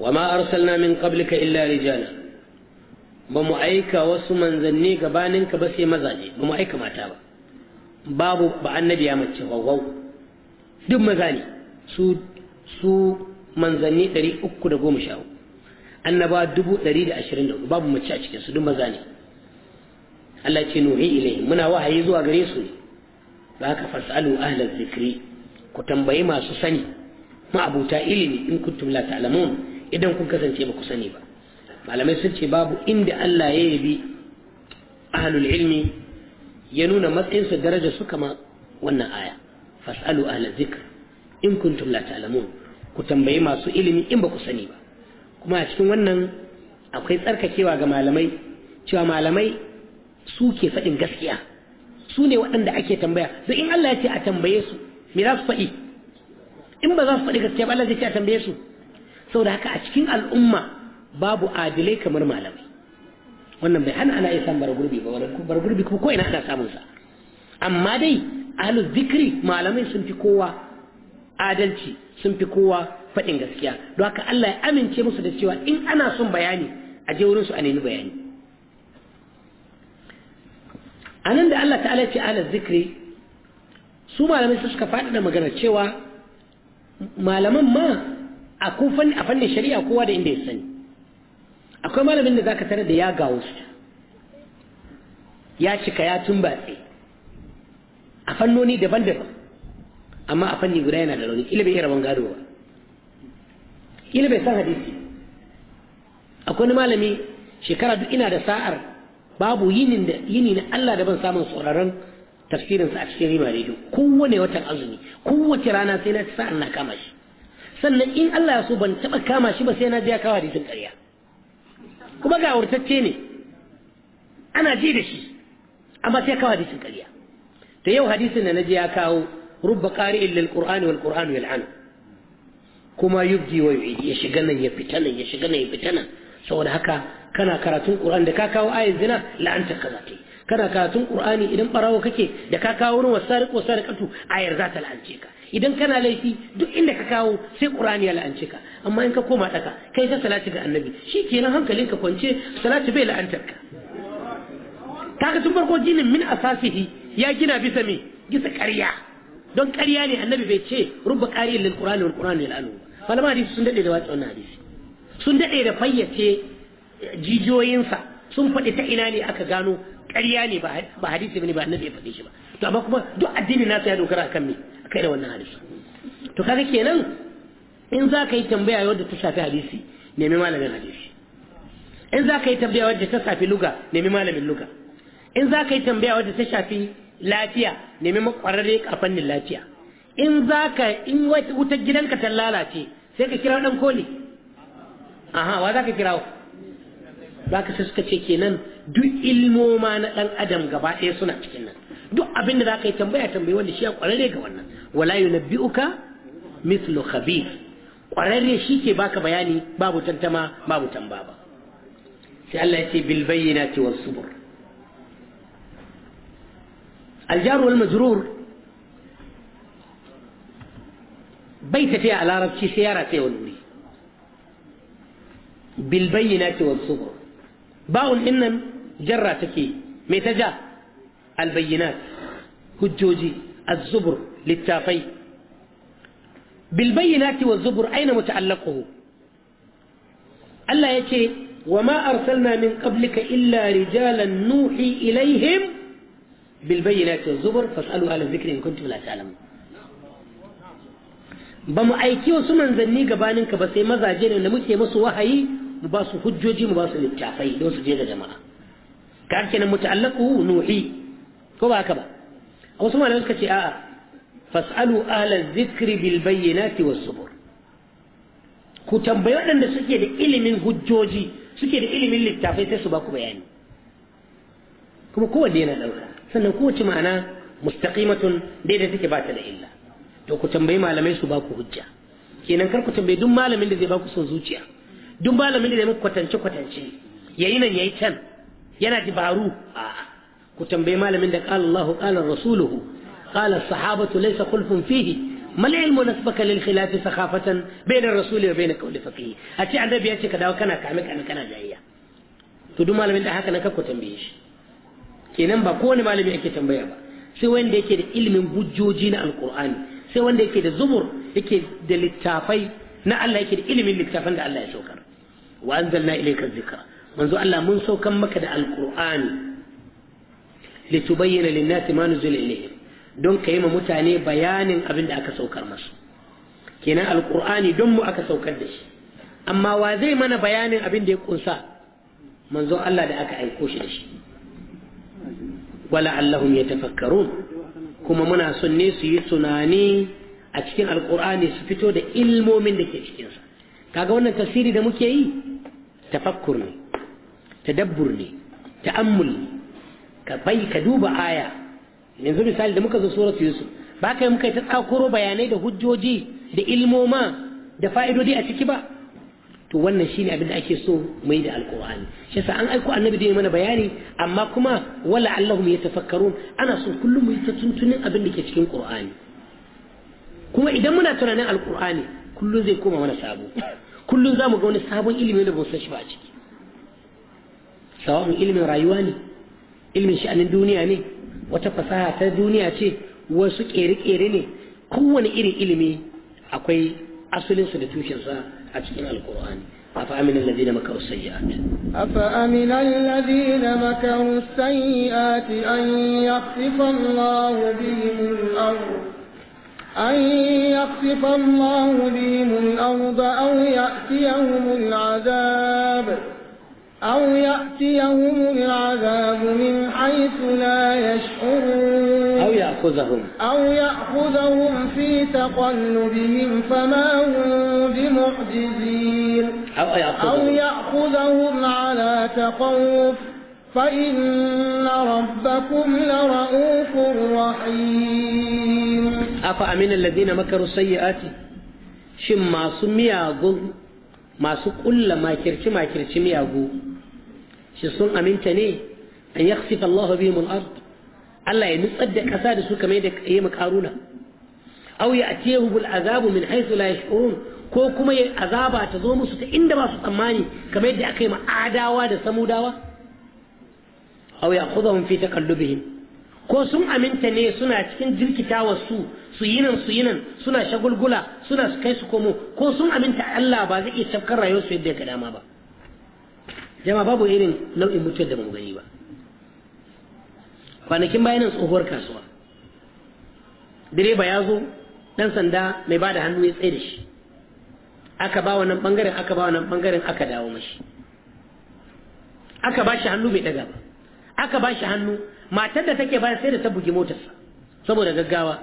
wa ma arsalna min qablika illa rijala ba mu aika wasu manzanni gabaninka ba sai mazaje ba mu aika mata ba babu ba annabi ya mace wawau duk maza ne su su manzanni 310 annaba 124 babu mace a cikin su duk maza ne Allah ce nuhi ilai muna wahayi zuwa gare su ba ka fasalu ahlal zikri ku tambayi masu sani ma'abuta ilimi in kuntum la ta'lamun idan kun kasance ba ku sani ba malamai sun ce babu inda Allah ya yabi ahlul ilmi ya nuna matsayinsa daraja su kama wannan aya fasalu ahla zikr in kuntum la ta'lamun ku tambayi masu ilimi in ba ku sani ba kuma a cikin wannan akwai tsarkakewa ga malamai cewa malamai su ke faɗin gaskiya su ne waɗanda ake tambaya don in Allah ya ce a tambaye su me za su faɗi in ba za su faɗi gaskiya ba Allah zai ce a tambaye su saboda haka a cikin al'umma babu adilai kamar malamai wannan bai hana ana iya samun bargurbi ba bargurbi kuma ko ina ana samun sa amma dai ahlu zikri malamai sun fi kowa adalci sun fi kowa faɗin gaskiya don haka Allah ya amince musu da cewa in ana son bayani a je wurin su a nemi bayani anan da Allah ta'ala ce ahlu zikri su malamai su suka faɗi da magana cewa malaman ma a kufan a fannin shari'a kowa da inda ya sani akwai malamin da zaka tarar da ya gawo ya cika ya tumbatse a fannoni daban-daban amma a fanni guda yana da rauni ila bai iya rabon gado ba ila bai san hadisi akwai malami shekara duk ina da sa'ar babu yinin da yini na Allah da ban samun sauraron tafsirinsa a cikin rima rediyo kowane watan azumi kowace rana sai na sa'ar na kama shi sannan in Allah ya so ban taɓa kama shi ba sai na jiya ya kawo hadisin ƙarya kuma ga wurtacce ne ana ji da shi amma sai kawo hadisin ƙarya Da yau hadisin da na je ya kawo rubba ƙari lil qur'ani wal qur'anu yal'anu kuma yubdi wa ya shiga nan ya fita nan ya shiga nan ya fita nan saboda haka kana karatun qur'ani da ka kawo ayin zina la'anta kaza ta kana karatun ƙur'ani idan ɓarawo kake da ka kawo wurin wasariq wasariqatu ayar za ta la'ance ka idan kana laifi duk inda ka kawo sai qur'ani ya la'ance ka amma in ka koma daka kai ta salati ga annabi shi shikenan ka kwance salati bai la'antar ka kaga tun farko jinin min asasihi ya gina bisa me bisa ƙarya don ƙarya ne annabi bai ce rubba qari'in lil qur'ani wal qur'ani yal'anu malama hadisi sun dade da watsa wannan hadisi sun dade da fayyace eh, jijiyoyinsa sun faɗi ta ina ne aka gano ƙarya ne ba hadisi bane ba annabi ya faɗi shi ba to amma kuma duk addini nasu ya dogara kan me kai da wannan hadisi to kaga kenan in za ka yi tambaya wadda ta shafi hadisi nemi malamin hadisi in za ka yi tambaya wadda ta shafi luga nemi malamin luga in za ka yi tambaya wadda ta shafi lafiya nemi makwararre a fannin lafiya in za ka in wutar gidanka ta lalace sai ka kira dan koli aha wa za ka kira za ka suka ce kenan duk ilmoma na dan adam gaba ɗaya suna cikin nan duk abin da za ka yi tambaya tambayi wanda shi ya kwararre ga wannan wala yunabbi'uka mithlu khabir kwararre shi ke baka bayani babu tantama babu tamba ba sai Allah ya ce bil bayyinati was subr al jar wal majrur bai tafiya a larabci sai yara sai wani wuri bil bayyinati was subr ba'un dinnan jarra take me ta ja al bayyinat hujjoji az-zubur littafai bil bayyinati wa zubur aina muta'allaquhu Allah yace wa ma arsalna min qablika illa rijalan nuhi ilaihim bil bayyinati wa zubur fas'alu ahla ba mu aiki wasu manzanni gabaninka ba sai mazaje ne da muke musu wahayi mu ba su hujjoji mu ba su littafai don su je ga jama'a ka kenan muta'allaquhu nuhi ko ba haka ba wasu malamai suka ce a'a fas'alu ahla zikri bil bayyinati was subur ku tambayi waɗanda suke da ilimin hujjoji suke da ilimin littafai sai su ba ku bayani kuma kowanne yana ɗauka sannan kowace ma'ana mustaqimatun daidai take ba ta da illa to ku tambayi malamai su ba ku hujja kenan kar ku tambayi duk malamin da zai ba ku son zuciya duk malamin da zai muku kwatance kwatance yayi nan yayi can yana dabaru a ku tambayi malamin da qala Allahu qala rasuluhu قال الصحابة ليس خلف فيه ما العلم نسبك للخلاف سخافة بين الرسول وبينك كل فقيه أتي عند بياتي كذا وكنا كعمك أنا كنا جاية تدو ما لم يدعها كنا كاكو تنبيش كي نمبا كون ما لم يأكي تنبيه با سوين ديكي دي بجوجين القرآن سواء ديكي دي زمر يكي دي للتافي نا الله يكي دي علم للتافن دي الله يسوكر وأنزلنا إليك الذكر منذ الله منسو كم دي القرآن لتبين للناس ما نزل إليهم don ka yi ma mutane bayanin abin da aka saukar masu kenan Alƙur'ani don mu aka saukar da shi amma wa zai mana bayanin abin da ya kunsa manzon Allah da aka aiko shi da shi wala allahum yatafakkarun kuma muna son ne su yi tunani a cikin alkur'ani su fito da ilmomin da ke cikinsa kaga wannan tasiri da muke yi tafakkur ne tadabbur ne ta'ammul ka bai ka duba aya yanzu misali da muka zo suratu yusuf ba kai muka yi ta tsakuro bayanai da hujjoji da ilmoma da fa'idodi a ciki ba to wannan shine abin da ake so mu yi da alkur'ani shi yasa an aiko annabi da mana bayani amma kuma wala allahum yatafakkarun ana so kullum mu yi ta tuntunin abin da ke cikin qur'ani kuma idan muna tunanin alkur'ani kullum zai koma mana sabo kullum za mu ga wani sabon ilimi da ba san shi ba a ciki sawa'un ilimin rayuwa ne ilimin sha'anin duniya ne wata fasaha ta duniya ce wasu ƙere-ƙere ne kowane irin ilimi akwai asalinsa da tushensa a cikin alkur'ani أفأمن الذين مكروا السيئات أفأمن الذين مكروا السيئات أن يخسف الله بهم الأرض أن يخسف الله بهم الأرض أو يأتيهم العذاب أو يأتيهم العذاب من حيث لا يشعرون أو يأخذهم أو يأخذهم في تقلبهم فما هم بمعجزين أو يأخذهم, أو يأخذهم على تخوف فإن ربكم لرؤوف رحيم أفأمن الذين مكروا السيئات شما سمي masu kulla makirci makirci miyagu shi sun aminta ne an yakhsifa Allahu bihim al-ard Allah ya nutsar da kasa da su kamar da yayi makaruna aw ya'tiyahu bil azab min haythu la yash'urun ko kuma ya azaba ta zo musu ta inda ba su tsammani kamar yadda aka yi adawa da samudawa aw ya'khudhahum fi taqallubihim ko sun aminta ne suna cikin wa su su nan su yi nan suna shagulgula suna su kai su komo ko sun aminta Allah ba zai iya tafkar rayuwar su yadda ya dama ba jama babu irin nau'in mutuwar da mu gani ba kwanakin nan tsohuwar kasuwa direba ya zo dan sanda mai bada hannu ya tsaye da shi aka ba wannan bangaren aka ba wannan bangaren aka dawo mashi aka ba shi hannu bai daga ba aka ba shi hannu matar da take bayan sai da ta bugi motarsa saboda gaggawa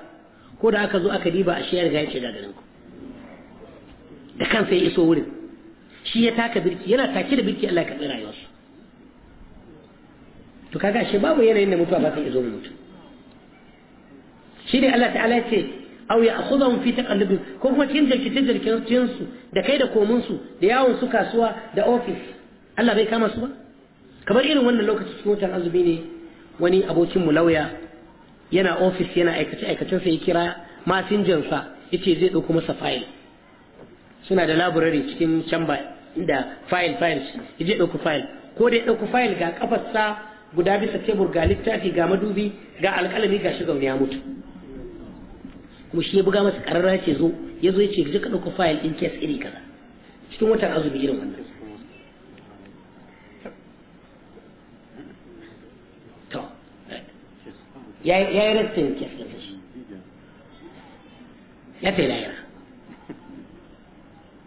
ko da aka zo aka diba a shi ya riga ya garin ku da kansa ya iso wurin shi ya taka birki yana take da birki Allah ya karɓi rayuwarsa to kaga shi babu yanayin da mutuwa ba ta zo mutu shi ne Allah ta'ala ya ce aw ya akhudhum fi taqallubihim ko kuma cikin jirkitin jirkin su da kai da komun su da yawon su kasuwa da office Allah bai kama su ba kamar irin wannan lokaci cikin watan azumi ne wani abokin mu lauya yana ofis yana aikace aikacen sa ya kira masinjan sa yace zai dauko masa fayil suna da library cikin chamber da fayil fayil yaje dauko fayil ko dai dauko fayil ga kafarsa guda bisa tebur ga littafi ga madubi ga alƙalami ga shugaban ya mutu kuma shi ya buga masa kararra ce zo ya zo ya ka dauko fayil din kes iri kaza cikin watan azumi irin wannan ya yi rattin kes da shi ya sai lahira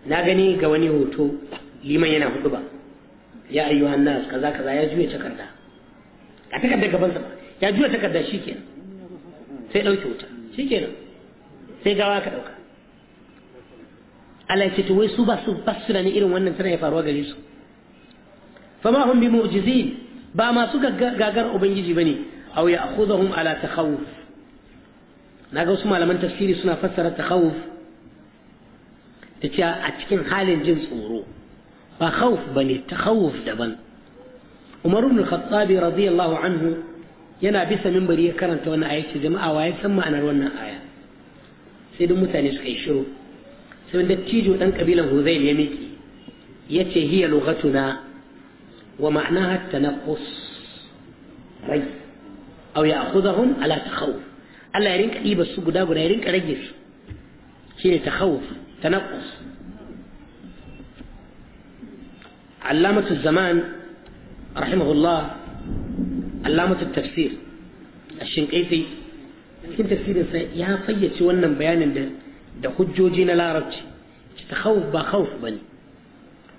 na gani ga wani hoto liman yana hudu ba ya ayu nas kaza kaza ya juya takarda a takardar gaban sa ya juya takarda shikenan sai dauke wuta shikenan sai gawa ka dauka Allah ce to wai su ba su ba su ne irin wannan tana ya faruwa gare su fa ma hum bi mu'jizin ba masu gagar ubangiji bane أو يأخذهم على تخوف نقول سمع لما أنت سيري سنة فسر التخوف تتيا أتكين حال الجنس أمرو فخوف بني تخوف دبن عمر بن الخطاب رضي الله عنه ينا بس من بريه كرنت وانا عايش جماعة وعايش سمع أنا وانا آية سيد متانيس كيشرو سيد متانيس كيشرو سيد قبيلة هذيل يميكي يتي هي لغتنا ومعناها التنقص ريح طيب. أو يأخذهم على تخوف ألا يرينك إيبا السجداء ولا يرينك رجل شيني تخوف تنقص علامة الزمان رحمه الله علامة التفسير الشنقيطي لكن تفسير إنسان يا فيت وانم بيان ده ده حجوجين لا ربتي تخوف بخوف بني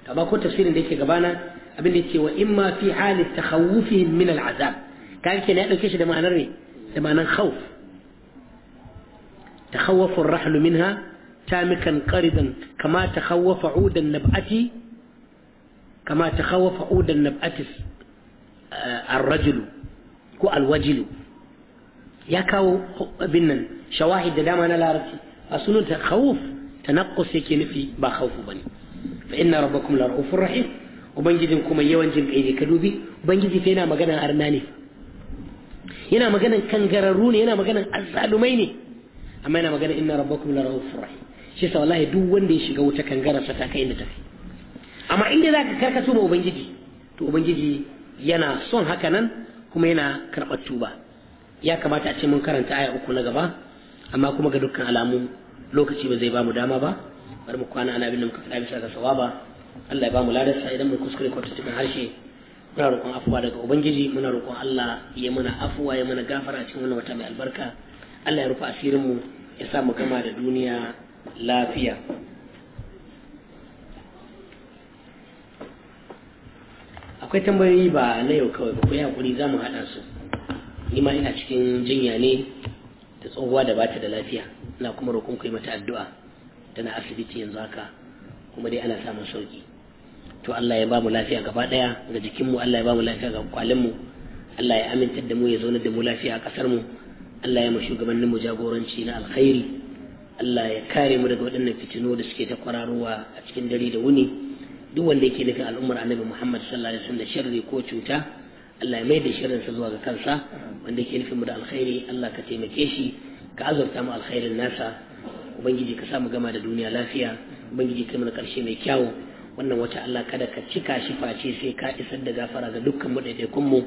أبا تفسير إنديك قبانا أبني وإما في حال تخوفهم من العذاب kaga ya ɗauke shi da ma'anar ne da ma'anar khawf takhawwafu ar-rahl minha tamikan qaridan kama takhawwafa udan nab'ati kama takhawwafa udan nab'ati eh, ar-rajul ko al-wajil ya kawo abin nan shawahid da dama na larabci a sunan takhawuf tanaqqus yake nufi ba khawfu bane fa inna rabbakum la rahim kuma yawan jin ka dubi ubangiji ta yana magana arna yana maganan kangararru ne yana maganan azzalumai ne amma yana maganan inna rabbakum la rauf rahim shi sa wallahi duk wanda ya shiga wuta kan sa ta kai inda tafi amma inda zaka karkato ba ubangiji to ubangiji yana son haka nan kuma yana karɓar tuba ya kamata a ce mun karanta aya uku na gaba amma kuma ga dukkan alamu lokaci ba zai bamu dama ba bari mu kwana ana bin da muka faɗa bisa ga sawaba Allah ya bamu ladarsa idan mun kuskure ko cikin harshe muna roƙon afuwa daga ubangiji muna roƙon Allah ya mana afuwa ya mana gafara cikin wannan wata mai albarka Allah ya rufe asirin mu ya sa mu gama da duniya lafiya akwai tambayoyi ba na yau kawai ba ku yi hakuri za mu haɗa su ni ma ina cikin jinya ne da tsohuwa da bata da lafiya ina kuma roƙon ku yi mata addu'a tana asibiti yanzu haka kuma dai ana samun sauki to Allah ya ba mu lafiya gaba daya ga jikinmu Allah ya ba mu lafiya ga mu Allah ya aminta da mu ya zauna da mu lafiya a kasar mu Allah ya mu shugabannin mu jagoranci na alkhairi Allah ya kare mu daga waɗannan fitino da suke ta kwararowa a cikin dare da wuni duk wanda yake nufin al'ummar annabi Muhammad sallallahu alaihi wasallam da sharri ko cuta Allah ya mai da shirin sa zuwa ga kansa wanda yake nufin mu da alkhairi Allah ka taimake shi ka azurta mu alkhairin nasa ubangiji ka sa mu gama da duniya lafiya ubangiji kai mu na karshe mai kyawu wannan wata Allah kada ka cika shi face sai ka isar da gafara ga dukkan mu daidaikun mu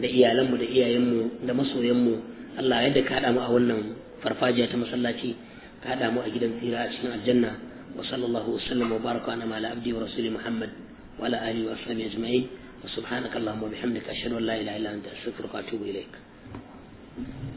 da iyalan mu da iyayen mu da masoyan mu Allah yadda ka hada mu a wannan farfajiya ta masallaci ka hada mu a gidan tsira a cikin aljanna wa sallallahu wasallam wa baraka ala mala abdi wa rasuli muhammad wa ala alihi wa ajma'in wa subhanakallahumma wa bihamdika ashhadu an la ilaha illa anta astaghfiruka wa atubu ilaik